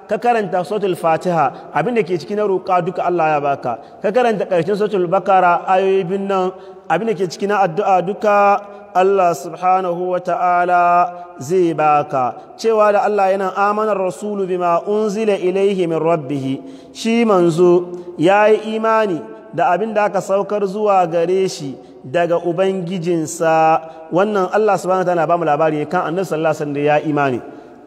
ka karanta suratul fatiha abinda ke ciki na roƙa duka Allah ya baka ka karanta ƙarshen suratul bakara ayoyi bin nan abinda ke cikin addu'a duka Allah subhanahu wa ta'ala zai baka cewa da Allah yana amanar rasulu bima unzila ilaihi min rabbihi shi manzo ya yi imani da abin da aka saukar zuwa gare shi daga ubangijinsa wannan Allah subhanahu wa ta'ala ba mu labari kan annar sallasan da ya imani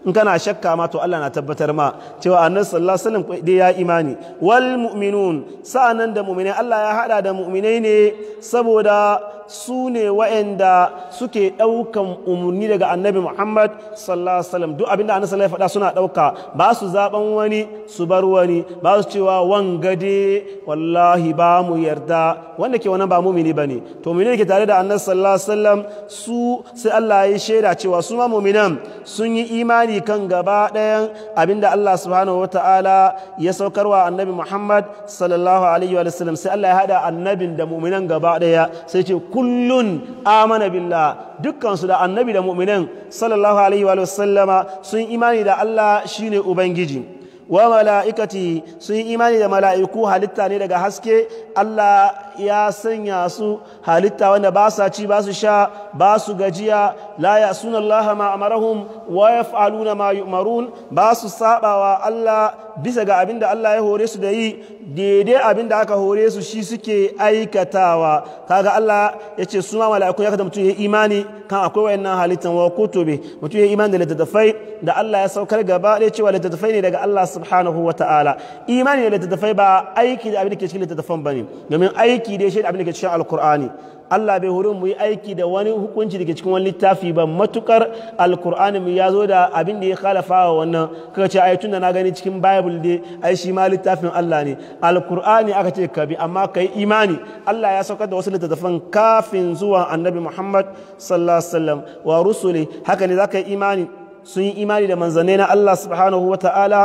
in kana shakka ma to Allah na tabbatar ma cewa annabi sallallahu alaihi wasallam dai ya imani wal mu'minun sa'annan da mu'minai Allah ya hada da mu'minai ne saboda su ne wa'anda suke ɗaukan umarni daga annabi muhammad sallallahu alaihi wasallam duk abinda annabi sallallahu faɗa suna ɗauka ba su zaɓen wani su bar wani ba su cewa wangade wallahi ba mu yarda wanda ke wannan ba mumini ba ne to mumini ke tare da annabi sallallahu alaihi wasallam su sai allah ya shaida cewa su ma muminan sun yi imani kan gaba ɗayan abinda allah subhanahu wataala ya saukarwa annabi muhammad sallallahu alaihi wasallam sai allah ya haɗa annabin da muminan gaba ɗaya sai ce kullun amana billah dukkansu da annabi da mu'minan sallallahu alaihi wa sallama sun imani da Allah shine ubangiji wa mala'ikati sun imani da mala'iku halitta ne daga haske Allah ya sanya su halitta wanda ba sa ci ba su sha ba su gajiya la ya sunan ma amarahum wa yaf'aluna ma yu'marun ba su sabawa Allah bisa ga abin da Allah ya hore su da yi daidai abin da aka hore su shi suke aikatawa kaga Allah ya ce su ma mala'iku ya kada mutum ya imani kan akwai wayannan halittan wa kutube mutum ya imani da littattafai da Allah ya saukar gaba da cewa littattafai ne daga Allah subhanahu wa ta'ala imani da littattafai ba aiki da abin da ke cikin littattafan bane domin aiki da shi da abin da ke cikin alkur'ani Allah bai hurin mu yi aiki da wani hukunci daga cikin wani littafi ba matukar alkur'ani mu ya zo da abin da ya khalafa wa wannan kaga ce ayatun da na gani cikin bible dai ai shi ma littafin Allah ne alkur'ani aka ce ka bi amma kai imani Allah ya saukar da wasu littattafan kafin zuwa annabi Muhammad sallallahu alaihi wasallam wa rusuli haka ne zaka yi imani sun yi imani da manzannai na Allah subhanahu wa ta'ala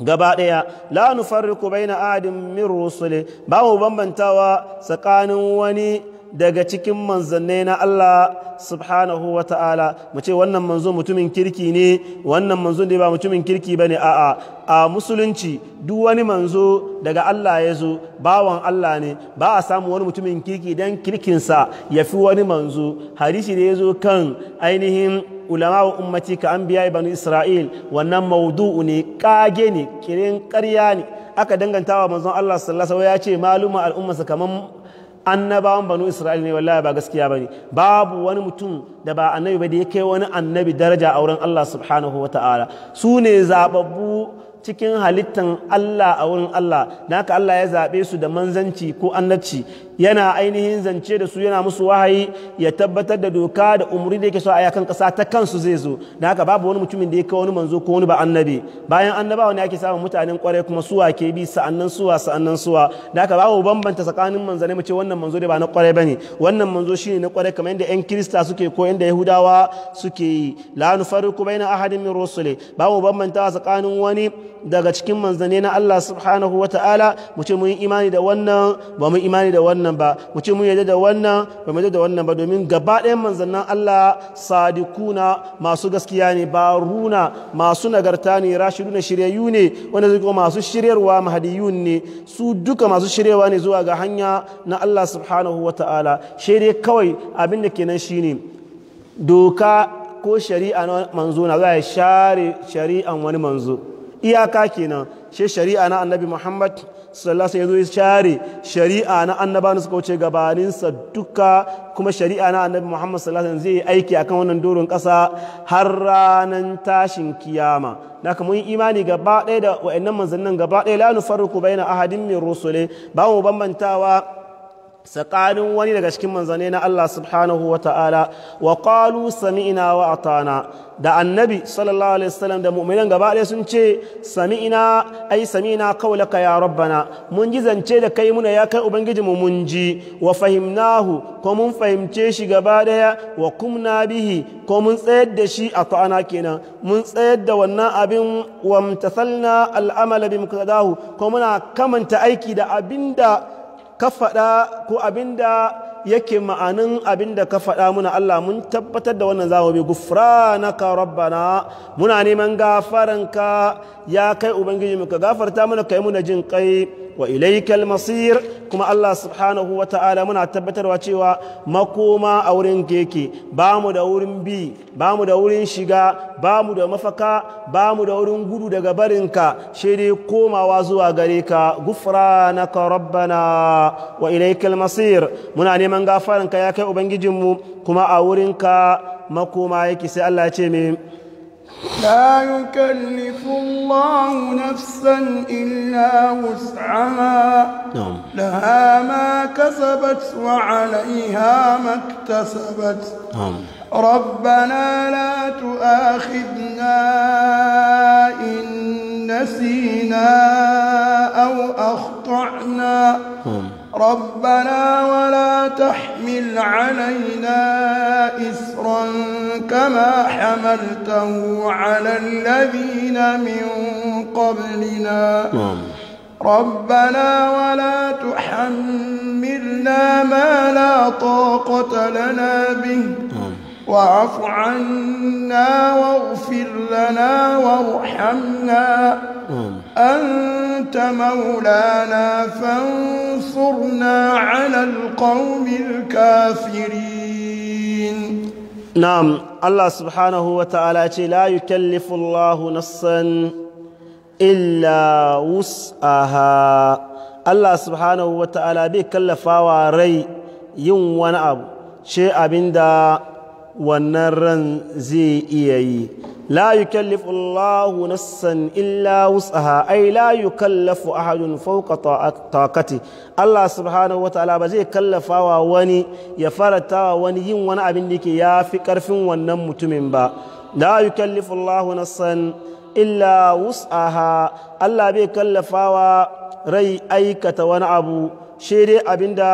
gaba ɗaya la nufarriku baina ahadin min rusuli ba mu bambantawa tsakanin wani daga cikin manzanne na Allah subhanahu wa ta'ala mu ce wannan manzo mutumin kirki ne wannan manzo da ba mutumin kirki ba ne a'a a musulunci duk wani manzo daga Allah ya zo bawan Allah ne ba a samu wani mutumin kirki don kirkinsa ya fi wani manzo hadisi da ya zo kan ainihin ulama wa ummati ka an biya ibanu isra'il wannan maudu'u ne kage ne kirin karya ne aka dangantawa manzon Allah sallallahu alaihi ya ce maluma al'ummarsa kaman annabawan banu isra'il ne wallahi ba gaskiya ba ne babu wani mutum da ba annabi ba da ya kai wani annabi daraja a wurin allah subhanahu wa ta'ala su ne zababbu cikin halittan allah a wurin allah da haka allah ya zaɓe su da manzanci ko annabci yana ainihin zance da su yana musu wahayi ya tabbatar da doka da umri da yake so a yakan kasa ta kansu zai zo da haka babu wani mutumin da ya kawo wani manzo ko wani ba annabi bayan annabawa ne ake samun mutanen kwarai kuma suwa ke bi sa'annan suwa sa'annan suwa da haka babu bambanta tsakanin manzane mu ce wannan manzo da ba na kwarai bane wannan manzo shine na kwarai kamar yadda yan kirista suke ko yadda yahudawa suke yi la nufarriqu baina ahadin min rusuli babu bambanta tsakanin wani daga cikin manzane na Allah subhanahu wataala mu ce mun imani da wannan ba mu imani da wannan wannan ba mu ce mun yarda da wannan ba mu yarda da wannan ba domin gaba ɗayan manzannin Allah sadikuna masu gaskiya ne baruna masu nagarta ne rashiduna shiryayyu ne wanda zai masu shiryarwa mahadiyun ne su duka masu shiryewa ne zuwa ga hanya na Allah subhanahu wa ta'ala shi dai kawai abin da kenan shine doka ko shari'a na manzo na za a share shari'an wani manzo iyaka kenan shi shari'a na annabi Muhammad sallallahu ya zo ya share shari'a na annabawan suka wuce gabaninsa duka kuma shari'a na annabi Muhammad sallallahu alaihi zai yi aiki akan wannan doron kasa har ranan tashin kiyama kuma yin imani gaba ɗaya da wa'annan manzannin gaba ɗaya la nufarriqu baina ahadin min rusuli ba mu bambantawa tsakanin wani daga cikin manzanni na Allah subhanahu wa ta'ala wa qalu sami'na wa atana da annabi sallallahu alaihi wasallam da mu'minan gaba ɗaya sun ce Samiina, ai sami'ina kaulaka ya rabbana mun ji zance da kai muna ya kai ubangiji mu mun ji wa fahimnahu ko mun fahimce shi gaba ɗaya wa kumna bihi ko mun tsayar da shi a ta'ana kenan mun tsayar da wannan abin wa mtasalna al'amala bi muqtadahu ko muna kamanta aiki da da. ka faɗa ko abinda yake ma'anin abinda ka faɗa muna Allah mun tabbatar da wannan zawo bi gufranaka rabbana muna neman gafaranka ya kai ubangiji ka gafarta mana kai muna jin kai wa ilaikal masir kuma Allah subhanahu wa ta'ala muna tabbatarwa cewa makoma a wurin keke ba mu da wurin bi ba mu da wurin shiga ba mu da mafaka ba mu da wurin gudu daga barinka shi dai komawa zuwa gare ka na rabbana wa ilaikal masir muna neman gafaranka ya kai ubangijinmu kuma a wurinka makoma yake sai Allah ya ce mai لا يكلف الله نفسا إلا وسعها نعم لها ما كسبت وعليها ما اكتسبت نعم ربنا لا تؤاخذنا إن نسينا أو أخطأنا نعم ربنا ولا تحمل علينا إسرا كما حملته على الذين من قبلنا نعم. ربنا ولا تحملنا ما لا طاقة لنا به نعم. واعف عنا واغفر لنا وارحمنا أنت مولانا فانصرنا على القوم الكافرين نعم الله سبحانه وتعالى لا يكلف الله نصا إلا وسعها الله سبحانه وتعالى بيكلف وري يوم ونعب شيء أبين wannan ran zai iya yi la yukallifu Allahu nassan illa wus'aha ai la yukallafu ahadun fawqa taqati Allah subhanahu ta'ala ba zai kallafawa wani ya farata wani yin wani abin da ya yafi karfin wannan mutumin ba la kallifu Allahu nassan illa wus'aha Allah bai wa rai aikata wani abu shi dai abinda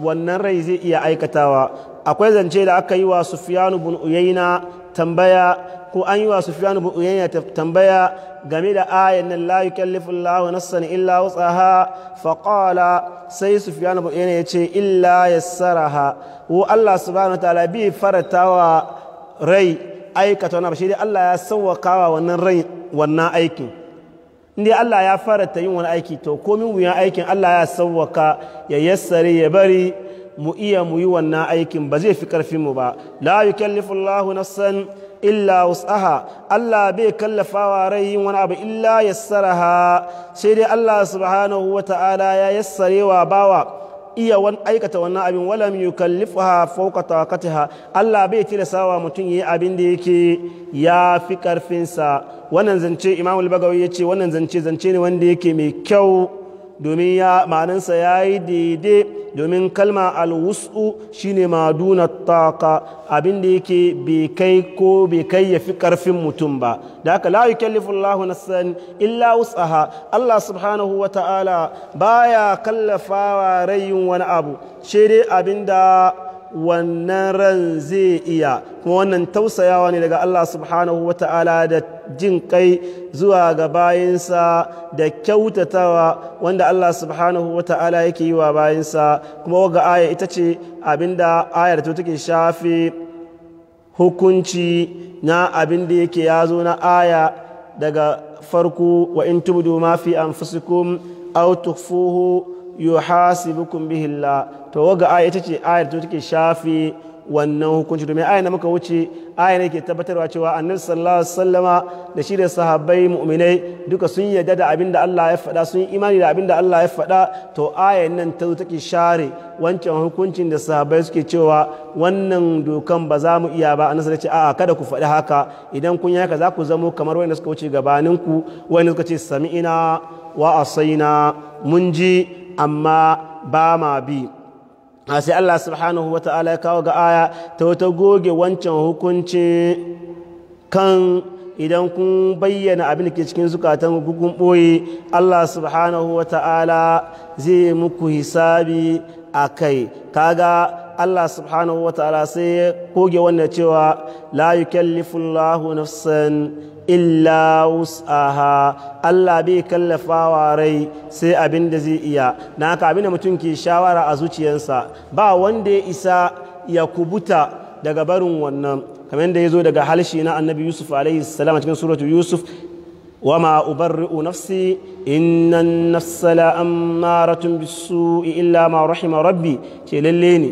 wannan rai zai iya aikatawa akwai zance da aka yi wa sufiyanu bin uyaina tambaya ko an yi wa sufiyanu bin uyaina tambaya game da ayan nan la yukallifu Allah sani illa wusaha fa qala sai sufiyanu bin uyaina yace illa yassaraha wa Allah subhanahu wa ta'ala bi faratawa rai aikata wannan shi dai Allah ya sawwakawa wannan rai wannan aikin indai Allah ya farata yin wani aiki to komin wuyan aikin Allah ya sawwaka ya yassare ya bari mu iya mu yi wannan aikin ba zai fi ƙarfin mu ba la yukallifu na san illa wus'aha Allah bai kallafawa rai yin wani abu illa yassaraha sai dai Allah subhanahu wata'ala ya wa bawa iya wan aikata wannan abin walam yukallifuha fawqa ha. Allah bai tilasawa mutum yayi abin da yake ya fi karfin sa wannan zance Imam al-Bagawi yace wannan zance zance ne wanda yake mai kyau domin ya ma'anansa ya yi daidai domin kalma alwusu shine maduna taka abin da yake bai kai ko bai kai ya fi karfin mutum ba da haka layu yukallifu na sani illa wus'aha Allah subhanahu wa ta'ala baya kallafawa rayin wani abu shi dai abin da wannan ran zai iya kuma wannan tausayawa ne daga Allah subhanahu wa ta'ala da jin kai zuwa ga bayinsa da kyautatawa wanda Allah subhanahu wa ta'ala yake yi wa bayinsa kuma waga aya ita ce abinda ayar to take shafi hukunci na abinda yake ya zo na aya daga farko wa in tubdu ma fi anfusikum aw yuhasibukum bihi Allah to waga aya tace ce ayar to take shafi wannan hukunci domin aya na muka wuce aya ne ke tabbatarwa cewa annabi sallallahu alaihi wasallama da shi da sahabbai mu'minai duka sun yarda da abin da Allah ya faɗa sun yi imani da abin da Allah ya faɗa to aya nan ta zo take share wancan hukuncin da sahabbai suke cewa wannan dokan ba za mu iya ba annabi ya ce a'a kada ku faɗi haka idan kun yi haka za ku zamo kamar wanda suka wuce gabaninku wanda suka ce sami'ina wa asaina mun ji amma ba ma bi sai Allah subhanahu wa ta'ala ya kawo ga aya ta wata goge wancan hukunci kan idan kun bayyana abin da ke cikin zukatan kun ɓoye Allah subhanahu wa ta'ala zai muku hisabi a kai kaga Allah subhanahu wa ta'ala sai ya koge wannan cewa la yukallifullahu nafsan illa wus'aha Allah bai kallafawa rai sai abin da zai iya na haka abin da mutum ke shawara a zuciyarsa ba wanda ya isa ya kubuta daga barin wannan kamar da ya zo daga halshi na annabi yusuf alaihi salam a cikin suratu yusuf وما أبرئ نفسي إن النفس illa ma rahima rabbi ce lalle ne.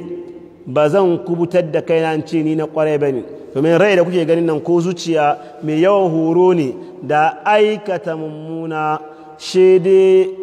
ba zan kubutar da kaina ce ni na kwarai ba ne domin rai da kuke ganin nan ko zuciya mai yawa horo ne da aikata mummuna shi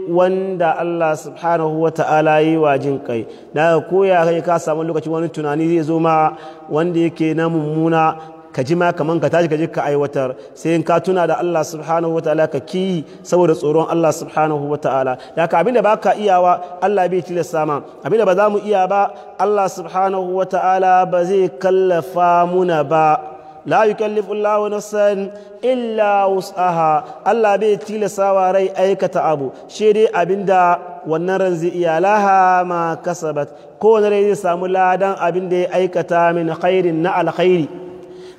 wanda Allah subhanahu wa ta'ala yi wa jin kai da koya kai ka samu lokaci wani tunani zai zo ma wanda yake na mummuna ka ji ma kaman ka tashi ka je ka aiwatar sai in ka tuna da Allah subhanahu wataala ka kiyi saboda tsoron Allah subhanahu wataala da ka abinda baka iyawa Allah bai tilasta ma abinda ba za mu iya ba Allah subhanahu wataala ba zai kallafa muna ba la yukallifu Allahu nafsan illa wus'aha Allah bai tilasta wa rai aikata abu shi dai abinda wannan ran zai iya laha ma kasabat ko rai zai samu ladan abinda ya aikata min khairin na alkhairi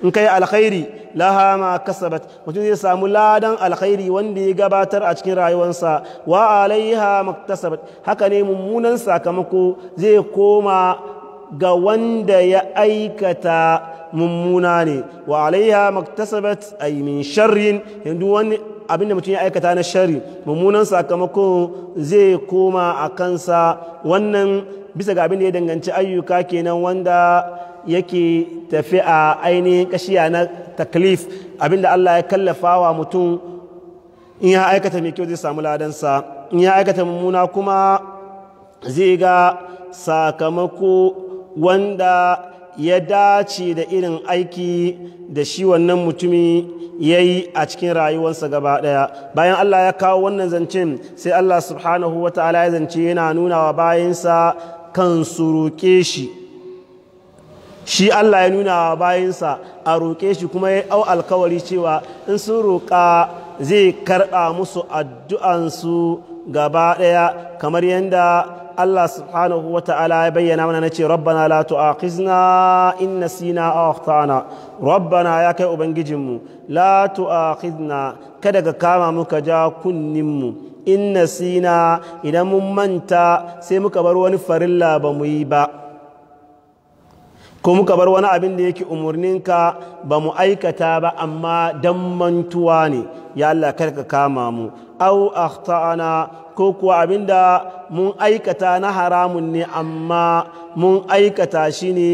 in kai alkhairi laha ma kasabat mutum zai samu ladan alkhairi wanda ya gabatar a cikin rayuwarsa wa alaiha maktasabat haka ne mummunan sakamako zai koma ga wanda ya aikata mummuna ne wa alaiha maktasabat ay min sharrin yanzu wani Abinda mutum ya aikata na shari mummunan sakamako zai koma a kansa wannan bisa ga abin da ya danganci ayyuka kenan wanda yake tafi a ainihin kashiya na taklif Abinda Allah ya kallafa wa mutum in ya aikata mai kyau zai samu ladansa in ya aikata mummuna kuma zai ga sakamako wanda ya dace da irin aiki da shi wannan mutumi ya yi a cikin rayuwarsa gaba ɗaya bayan Allah ya kawo wannan zancen sai Allah subhanahu wa ta'ala ya zance yana nuna wa bayansa kan su roƙe shi shi Allah ya nuna wa bayansa a roƙe shi kuma ya au alkawari cewa in sun roƙa zai karɓa musu addu'ansu gaba ɗaya kamar yadda Allah subhanahu wa ta'ala ya bayyana mana na ce rabbana la tu'akhizna in nasina aw akhtana rabbana ya kai ubangijinmu la tu'akhizna kada ka kama muka ja kunninmu in nasina idan mun manta sai muka bar wani farilla ba mu yi ba ko muka bar wani abin da yake umarninka ba mu aikata ba amma dan mantuwa ne ya Allah kada ka kama mu au akhtana ko kuwa abinda mun aikata na haramun ne amma mun aikata shi ne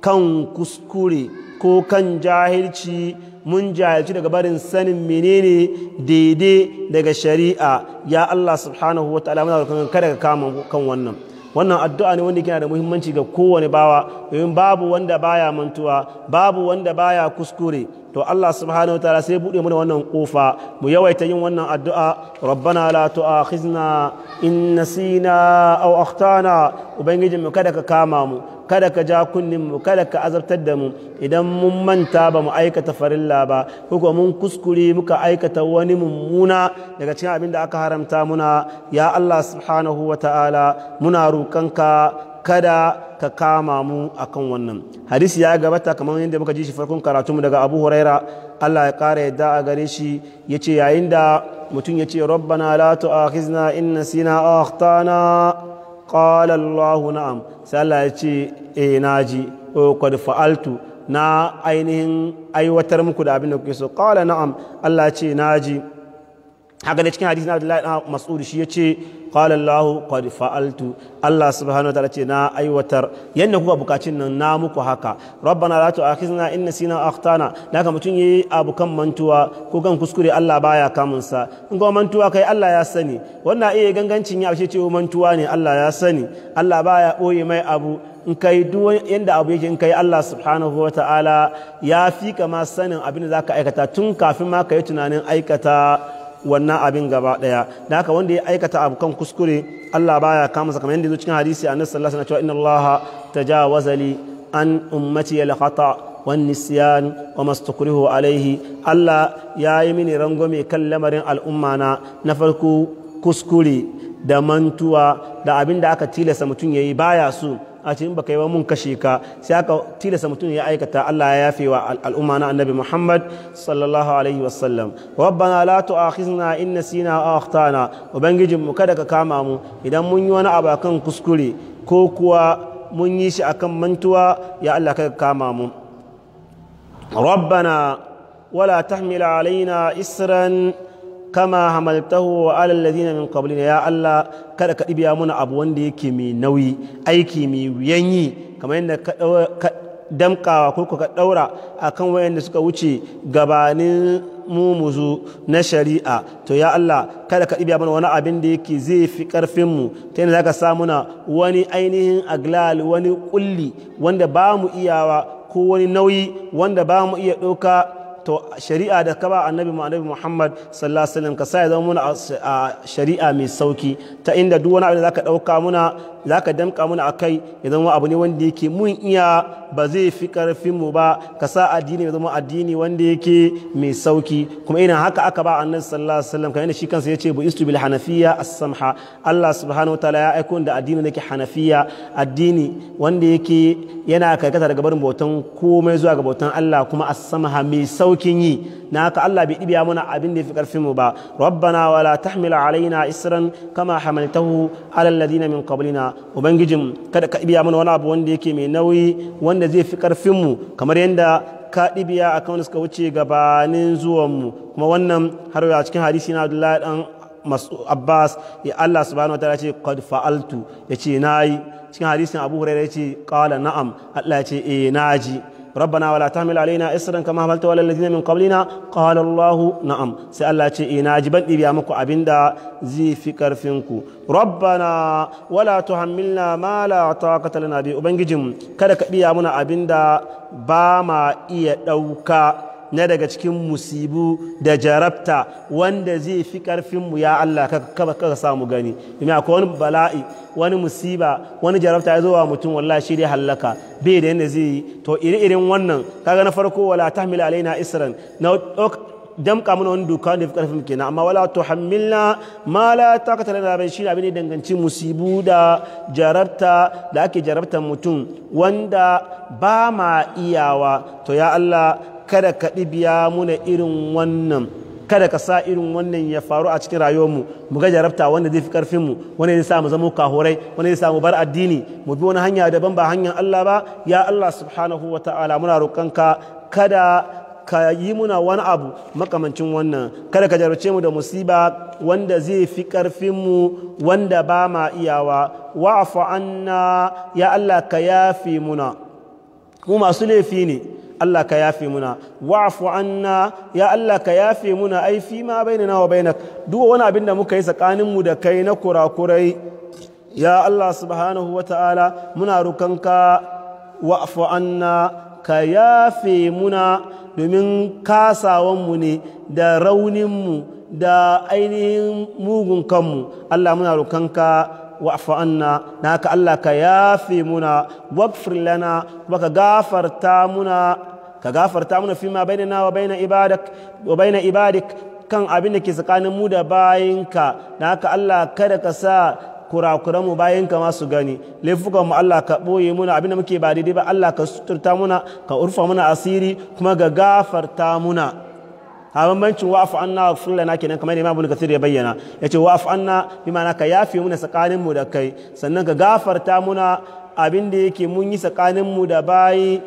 kan kuskure ko kan jahilci mun jahilci daga barin sanin menene daidai daga shari'a ya Allah subhanahu wa ta'ala muna kada ka kama kan wannan wannan addu'a ne wanda yana da muhimmanci ga kowane bawa domin babu wanda baya mantuwa babu wanda baya kuskure to Allah subhanahu wa ta'ala sai bude mana wannan kofa mu yawaita yin wannan addu'a rabbana la tu'akhizna in nasina aw akhtana ubangijin mu kada ka kama mu kada ka ja kunnin mu kada ka azabtar da mu idan mun manta ba mu aikata farilla ba ko mun kuskure muka aikata wani mummuna daga cikin abin da aka haramta muna ya Allah subhanahu wa ta'ala muna roƙonka kada ka kama mu akan wannan hadisi ya gabata kamar yadda muka ji shi farkon karatunmu daga Abu Huraira Allah ya ƙara yadda a gare shi yace yayin da mutum yace rabbana la tu'akhizna in nasina akhtana qala Allahu na'am sai Allah ya ce eh, na ji o qad fa'altu na ainihin aiwatar muku da abin da kuke so qala na'am Allah ya ce naji haka da cikin hadisi na Abdullahi dan Mas'ud shi ya ce qala Allah qad fa'altu Allah subhanahu wa ta'ala ce na aiwatar yanda kuka bukacin nan na muku haka rabbana la tu'akhizna in nasina akhtana daga mutun yayi abu kan mantuwa ko kan kuskure Allah baya kamun sa in ga mantuwa kai Allah ya sani wannan iya gangancin ya ce ce mantuwa ne Allah ya sani Allah baya boye mai abu in kai duk yanda abu yake in kai Allah subhanahu ya fi kama sanin abin da za ka aikata tun kafin ma kai tunanin aikata wannan abin gaba daya da haka wanda ya aikata abu kan kuskure Allah baya kama sa kamar yadda cikin hadisi a sallallahu alaihi wasallam cewa inna Allah ja wazali an ummati ya khata wani nisiyan wa alaihi Allah ya yi mini rangwame kan lamarin al'umma na farko kuskure da mantuwa da abin da aka tilasta mutum ya yi baya su a cikin baka yi mun kashe ka sai aka tilasta mutum ya aikata Allah ya yafe wa al'umma na annabi Muhammad sallallahu alaihi wasallam rabbana la tu'akhizna in nasina aw akhtana ubangijin mu kada ka kama mu idan mun yi wani abu akan kuskure ko kuwa mun yi shi akan mantuwa ya Allah kada ka kama mu rabbana wala tahmil alaina isran kama hamaltahu wa alal ladina min qablina ya Allah kada ka dibiya muna abu wanda yake mai nauyi aiki mai wuyan yi kamar yadda ka damkawa ko ka daura akan wayanda suka wuce gabanin mu na shari'a to ya Allah kada ka dibiya mana wani abin da yake zai fi karfin mu ta yadda zaka sa muna wani ainihin aglal wani kulli wanda ba mu iyawa ko wani nauyi wanda ba mu iya ɗauka to shari'a da ka ba annabi mu annabi Muhammad sallallahu alaihi wasallam ka sa ya zama muna a shari'a mai sauki ta inda duk wani abu da zaka dauka muna za ka damka muna a kai ya zama abu ne wanda yake mun iya ba zai fi ƙarfinmu ba ka sa addini ya zama addini wanda yake mai sauki kuma irin haka aka ba annabi sallallahu alaihi wasallam kamar shi kansa yace bu istu bil hanafiya as-samha Allah subhanahu wa ta'ala ya aiko da addini da ke hanafiya addini wanda yake yana karkata daga barin bautan komai zuwa ga bautan Allah kuma as-samha mai saukin yi na haka Allah bai dibiya mana abin da ya fi mu ba rabbana wala tahmil alaina isran kama hamaltahu ala alladhina min qablina ubangijin kada ka ibiya mana wani abu wanda yake mai nauyi wanda zai fi karfinmu kamar yadda ka ɗibiya a kan suka wuce gabanin zuwanmu kuma wannan har a cikin hadisi na abdullahi dan abbas ya allah subhanahu wa ta'ala ce qad fa'altu ya ce na yi cikin hadisin abu hurairah ya ce qala na'am allah ya ce eh na ji rabbana wala tahmil alaina isran kama hamalta wala alladhina min qablina qala allah na'am sai Allah ce ina jiban dibiya muku abinda zai fi karfin ku rabbana wala tuhammilna ma la taqata lana bi ubangijin kada ka biya muna abinda ba ma iya ɗauka. na daga cikin musibu da jarabta wanda zai fi ƙarfinmu ya Allah ka samu gani ina akwai wani bala'i wani musiba wani jarabta ya zo wa mutum wallahi shi dai hallaka bai da yadda zai yi to iri-irin wannan kaga na farko wala tahmil alaina isran na damka mana wani doka da fi karfin na amma wala to hamilna ma la taqata lana bai shi abin da danganci musibu da jarabta da ake jarabtar mutum wanda ba ma iyawa to ya Allah kada ka ɗibiya muna irin wannan kada ka sa irin wannan ya faru a cikin rayuwar mu mu ga jarabta wanda zai fi karfinmu wanda zai sa mu zama kahorai wanda zai sa mu bar addini mu bi wani hanya daban ba hanyar Allah ba ya Allah subhanahu wa ta'ala muna ka kada ka yi muna wani abu makamancin wannan kada ka jarabce mu da musiba wanda zai fi ƙarfinmu wanda ba ma iyawa wa'afu anna ya Allah ka yafi muna mu masu laifi ne Allah ka yafe muna wa'fu anna ya Allah ka yafe muna ai fi ma bainana wa bainak duk wani abin da muka yi tsakanin mu da kai na kurakurai ya Allah subhanahu wa ta'ala muna rukanka wa'fu anna ka yafe muna domin mu ne da raunin mu da ainihin mugun kanmu Allah muna rukanka wa'fu anna na haka Allah ka yafe muna waghfir lana kuma ka gafarta muna ka gafarta muna fi ma bainana wa baina ibadak wa baina ibadik kan abin da ke tsakanin mu da bayinka na haka Allah kada ka sa kurakuran mu bayan ka masu gani laifukan mu Allah ka boye muna abinda muke ba daidai ba Allah ka suturta muna ka urfa muna asiri kuma ga gafarta muna a bambancin wa'afu anna wa lana kenan kamar Imam Ibn kasir ya bayyana ya ce wa'afu anna bi ma'ana ka yafe muna tsakanin mu da kai sannan ka gafarta muna abin da yake mun yi tsakanin mu da bayi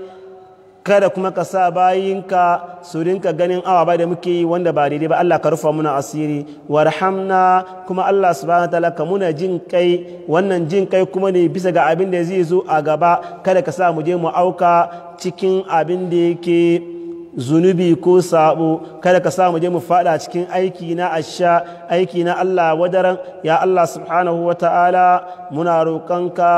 kada kuma ka sa bayinka su rinka ganin awa ba da muke yi wanda ba daidai ba Allah ka rufa muna asiri warhamna kuma Allah subhanahu wataala ka muna jin kai wannan jin kai kuma ne bisa ga abin da zai zo a gaba kada ka sa mu je mu auka cikin abin da yake zunubi ko sabo kada ka samu je mu fada cikin aiki na asha aiki na Allah wadaran ya Allah subhanahu wa ta'ala muna roƙonka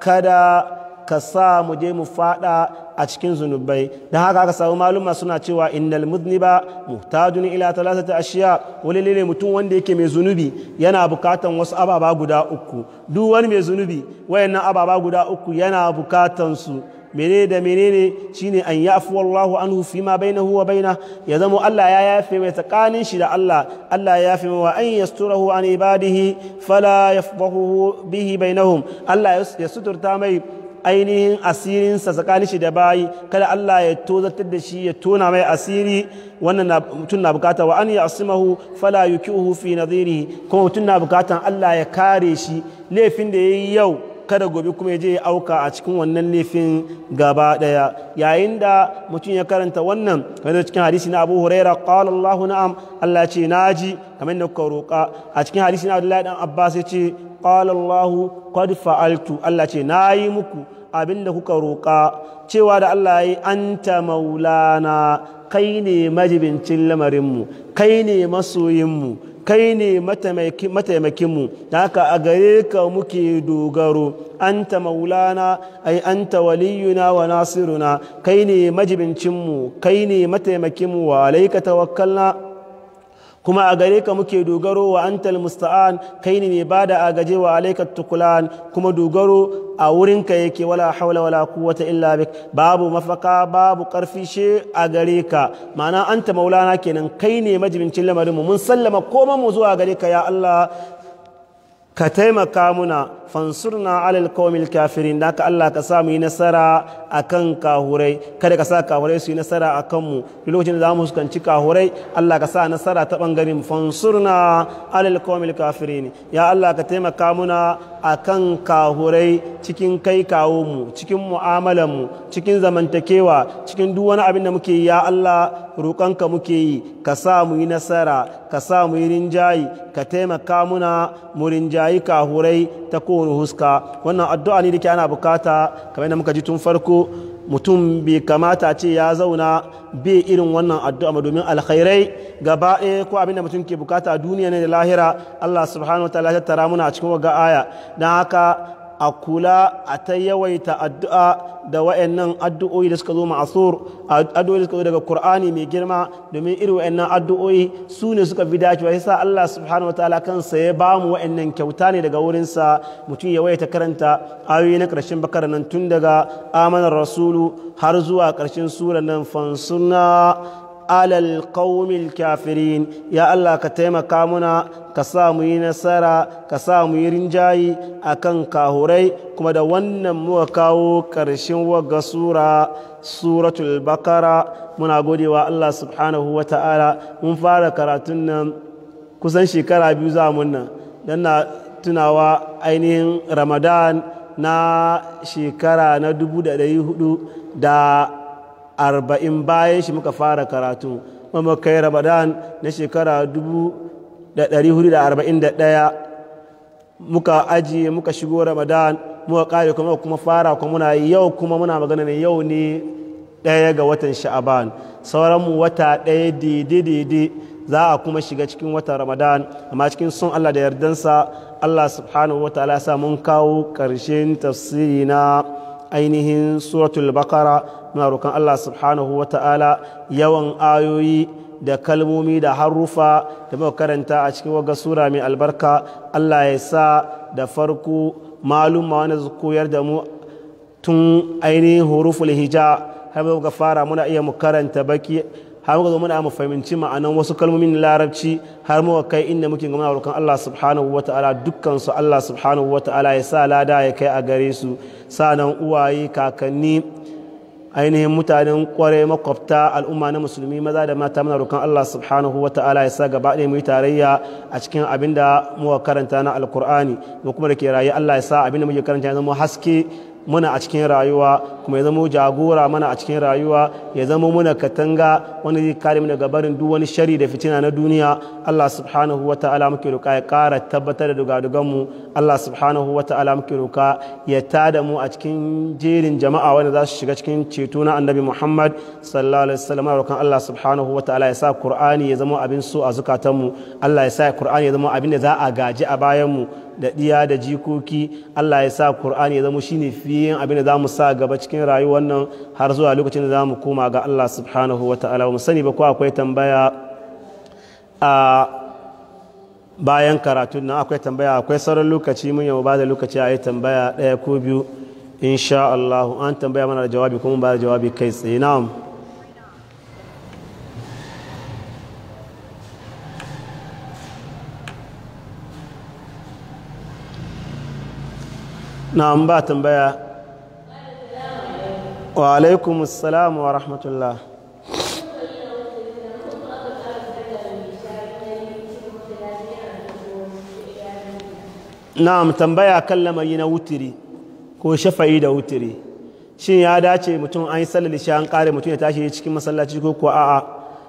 kada ka sa mu je mu fada a cikin zunubai don haka aka samu maluma suna cewa innal mudniba muhtajun ila talatati ashiya wani lele mutum wanda yake mai zunubi yana bukatan wasu ababa guda uku duk wani mai zunubi wayannan ababa guda uku yana bukatan su Mene da shi shine an yafi wallahu an hufi ma huwa bai baina ya zamo Allah ya yafe mai tsakanin shi da Allah Allah ya yafe mawa an yasturahu an ibadihi fala yafdahu bihi bainahum Allah ya suturta mai ainihin asirinsa tsakanin shi da bayi kada Allah ya tozartar da shi ya tona mai asiri wannan mutum na bukata wa an ya asimahu fala yukihu fi nadhirihi kuma mutum na bukatan Allah ya kare shi laifin da yayi yau kada gobe kuma ya je ya auka a cikin wannan laifin gaba daya yayin da mutum ya karanta wannan kamar cikin hadisi na Abu Huraira qala Allah na'am Allah ce naji kamar da kuka roƙa a cikin hadisi na Abdullahi dan Abbas ya ce qala Allah qad fa'altu Allah ce nayi muku abin kuka roƙa cewa da Allah ya anta maulana kai ne majibincin lamarinmu kai ne masoyinmu kai ne mataimakinmu ta haka a gare ka muke dogaro an anta maulana ai ta waliyuna wa nasiruna kai ne majibincinmu kai ne mataimakinmu wa alaika tawakkalna kuma a gare ka muke dogaro wa antal musta'an kai ne mai bada agaje wa alaika tukulan kuma dogaro a wurin wurinka yake wala haula wala quwwata illa bik babu mafaka babu karfi she a gare ka ma'ana anta maulana kenan kai ne majibincin lamarin mu mun sallama koma mu zuwa gare ka ya Allah ka taimaka muna fansurna alal komil kafirin da Allah ka sa mu yi nasara akan kahurai kada ka sa kahurai su yi nasara akan mu duk lokacin da za mu fuskanci kahurai Allah ka sa nasara ta bangaren fansurna alal komil kafirin ya Allah ka taimaka muna akan kahurai cikin kai kawo mu cikin mu'amalan mu cikin zamantakewa cikin duk wani abin da muke yi ya Allah roƙonka muke yi ka sa mu yi nasara ka sa mu yi rinjayi ka taimaka muna mu rinjayi kahurai ta ko wani huska wannan addu'a ne da ke ana bukata kamar yadda muka ji tun farko mutum bai kamata ce ya zauna bai irin wannan addu'a ma domin alkhairai gaba ɗaya ko abinda mutum ke bukata duniya ne da lahira Allah subhanahu wa ta'ala ya tara muna a cikin waga aya don haka a kula a ta yawaita addu'a da wa'annan addu'o'i da suka zo ma'asur addu'o'i da suka zo daga ƙur’ani mai girma domin irin wa'annan addu'o'i su ne suka fi dacewa yasa Allah subhanahu wataala kansa ya ba mu wa'annan kyauta ne daga wurinsa mutum ya wayata karanta ayoyi na ƙarshen bakara nan tun daga amanar rasulu har zuwa ƙarshen sura nan fansuna alal qaumil kafirin ya Allah ka taimaka muna ka sa mu yi nasara ka sa mu yi rinjayi kan kahurai kuma da wannan muka kawo ƙarshen waga sura suratul bakara muna godewa Allah subhanahu wa ta'ala mun fara karatun nan kusan shekara biyu za mun nan don na tunawa ainihin ramadan na shekara na dubu da arba'in bayan shi muka fara karatu kuma kai ramadan na shekara 1441 muka ajiye muka shigo ramadan muka kare kuma kuma fara kuma muna yau kuma muna magana ne yau ne ɗaya ga watan sha'aban Sauranmu wata ɗaya daidai za a kuma shiga cikin watan ramadan amma cikin sun allah da yardansa allah subhanahu wa ta'ala sa mun kawo ƙarshen tafsirina. na ainihin suratul bakara muna roƙon Allah subhanahu wa ta'ala yawan ayoyi da kalmomi da harufa da muka karanta a cikin waga sura mai albarka Allah ya sa da farko maluma wanda su koyar da mu tun ainihin huruful hija har muka fara muna iya mu karanta baki har muka zo muna mu fahimci ma'anan wasu kalmomin larabci har muka kai inda muke gama muna roƙon Allah subhanahu ta'ala dukkan su Allah subhanahu wa ta'ala ya sa lada ya kai a gare su sanan uwaye kakanni ainihin mutanen kware makwabta al'umma na musulmi maza da mata muna roƙon Allah subhanahu wa ta'ala ya sa gaba ɗaya mu tarayya a cikin abin muka karanta na alkur'ani da kuma da ke raye Allah ya sa abin muke karanta ya zama haske muna a cikin rayuwa kuma ya zama jagora mana a cikin rayuwa ya zama muna katanga wani zai kare mu daga barin duk wani shari da fitina na duniya Allah subhanahu wa ta'ala muke roƙa ya kara tabbatar da dugadugan mu Allah subhanahu wa ta'ala muke roƙa ya tada mu a cikin jerin jama'a wanda za su shiga cikin ceto na Annabi Muhammad sallallahu alaihi wasallam rokan Allah subhanahu wa ta'ala ya sa Qur'ani ya zama abin so a zukatan mu Allah ya sa Qur'ani ya zama abin da za a gaji a bayan mu da diya da jikoki Allah ya sa Qur'ani ya zama shine fi biyin abin da za mu sa gaba cikin rayuwar nan har zuwa lokacin da za mu koma ga Allah subhanahu wa ta'ala mu sani ba ko akwai tambaya a bayan karatu nan akwai tambaya akwai sauran lokaci mun yau ba da lokaci a yi tambaya ɗaya ko biyu insha Allah an tambaya mana da jawabi kuma ba da jawabi kai tsaye na'am na'am ba tambaya wa alaikum wa na'am tambaya kan lamari na wutiri ko shafa'i da wutiri shi ya dace mutum an yi sallar shi an kare mutum ya tashi cikin masallaci ko kuwa a'a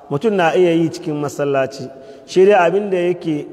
mutum na iya yi cikin masallaci shi dai abin da yake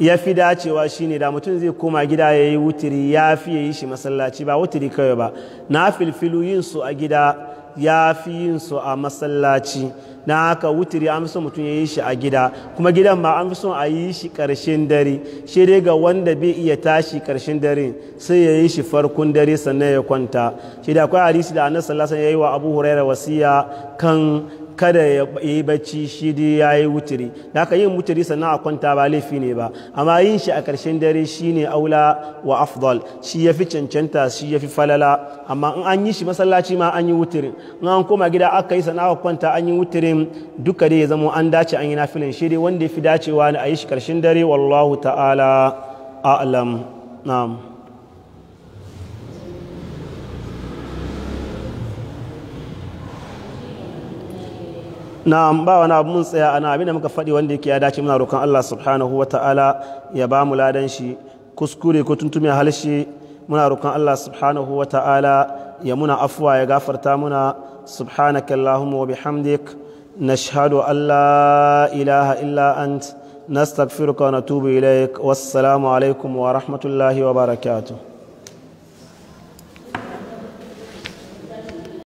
ya fi dacewa shine da mutum zai koma gida ya yi wutiri ya fi yi shi masallaci ba wutiri kawai ba na filfilu yin su a gida ya fi yin su a masallaci na haka wutiri an fi son mutum ya yi shi a gida kuma gidan ma an fi son a yi shi karshen dare shi dai ga wanda bai iya tashi karshen dare sai ya yi shi farkon dare sannan ya kwanta shi da akwai hadisi da annabi sallallahu ya yi wa Abu Hurairah wasiya kan kada ya yi bacci shi dai ya yi wuturi da aka yin wuturi sannan a kwanta ba laifi ne ba amma yin shi a ƙarshen dare shi ne aula wa afdal shi ya fi cancanta shi ya fi falala amma in an yi shi masallaci ma an yi wuturi in an koma gida aka yi sana'a kwanta an yi wuturin duka dai ya zama an dace an yi nafilin shi dai wanda ya fi dacewa ne a yi shi ƙarshen dare wallahu ta'ala a'lam na'am na ba wani abu mun tsaya ana abin da muka faɗi wanda yake ya dace muna roƙon Allah subhanahu wa ta'ala ya ba mu ladan shi kuskure ko tuntumi halshe muna roƙon Allah subhanahu wa ta'ala ya muna afuwa ya gafarta muna subhanaka allahumma wa bihamdik nashhadu an la ilaha illa ant nastaghfiruka wa natubu ilaik wassalamu alaikum wa rahmatullahi wa barakatuh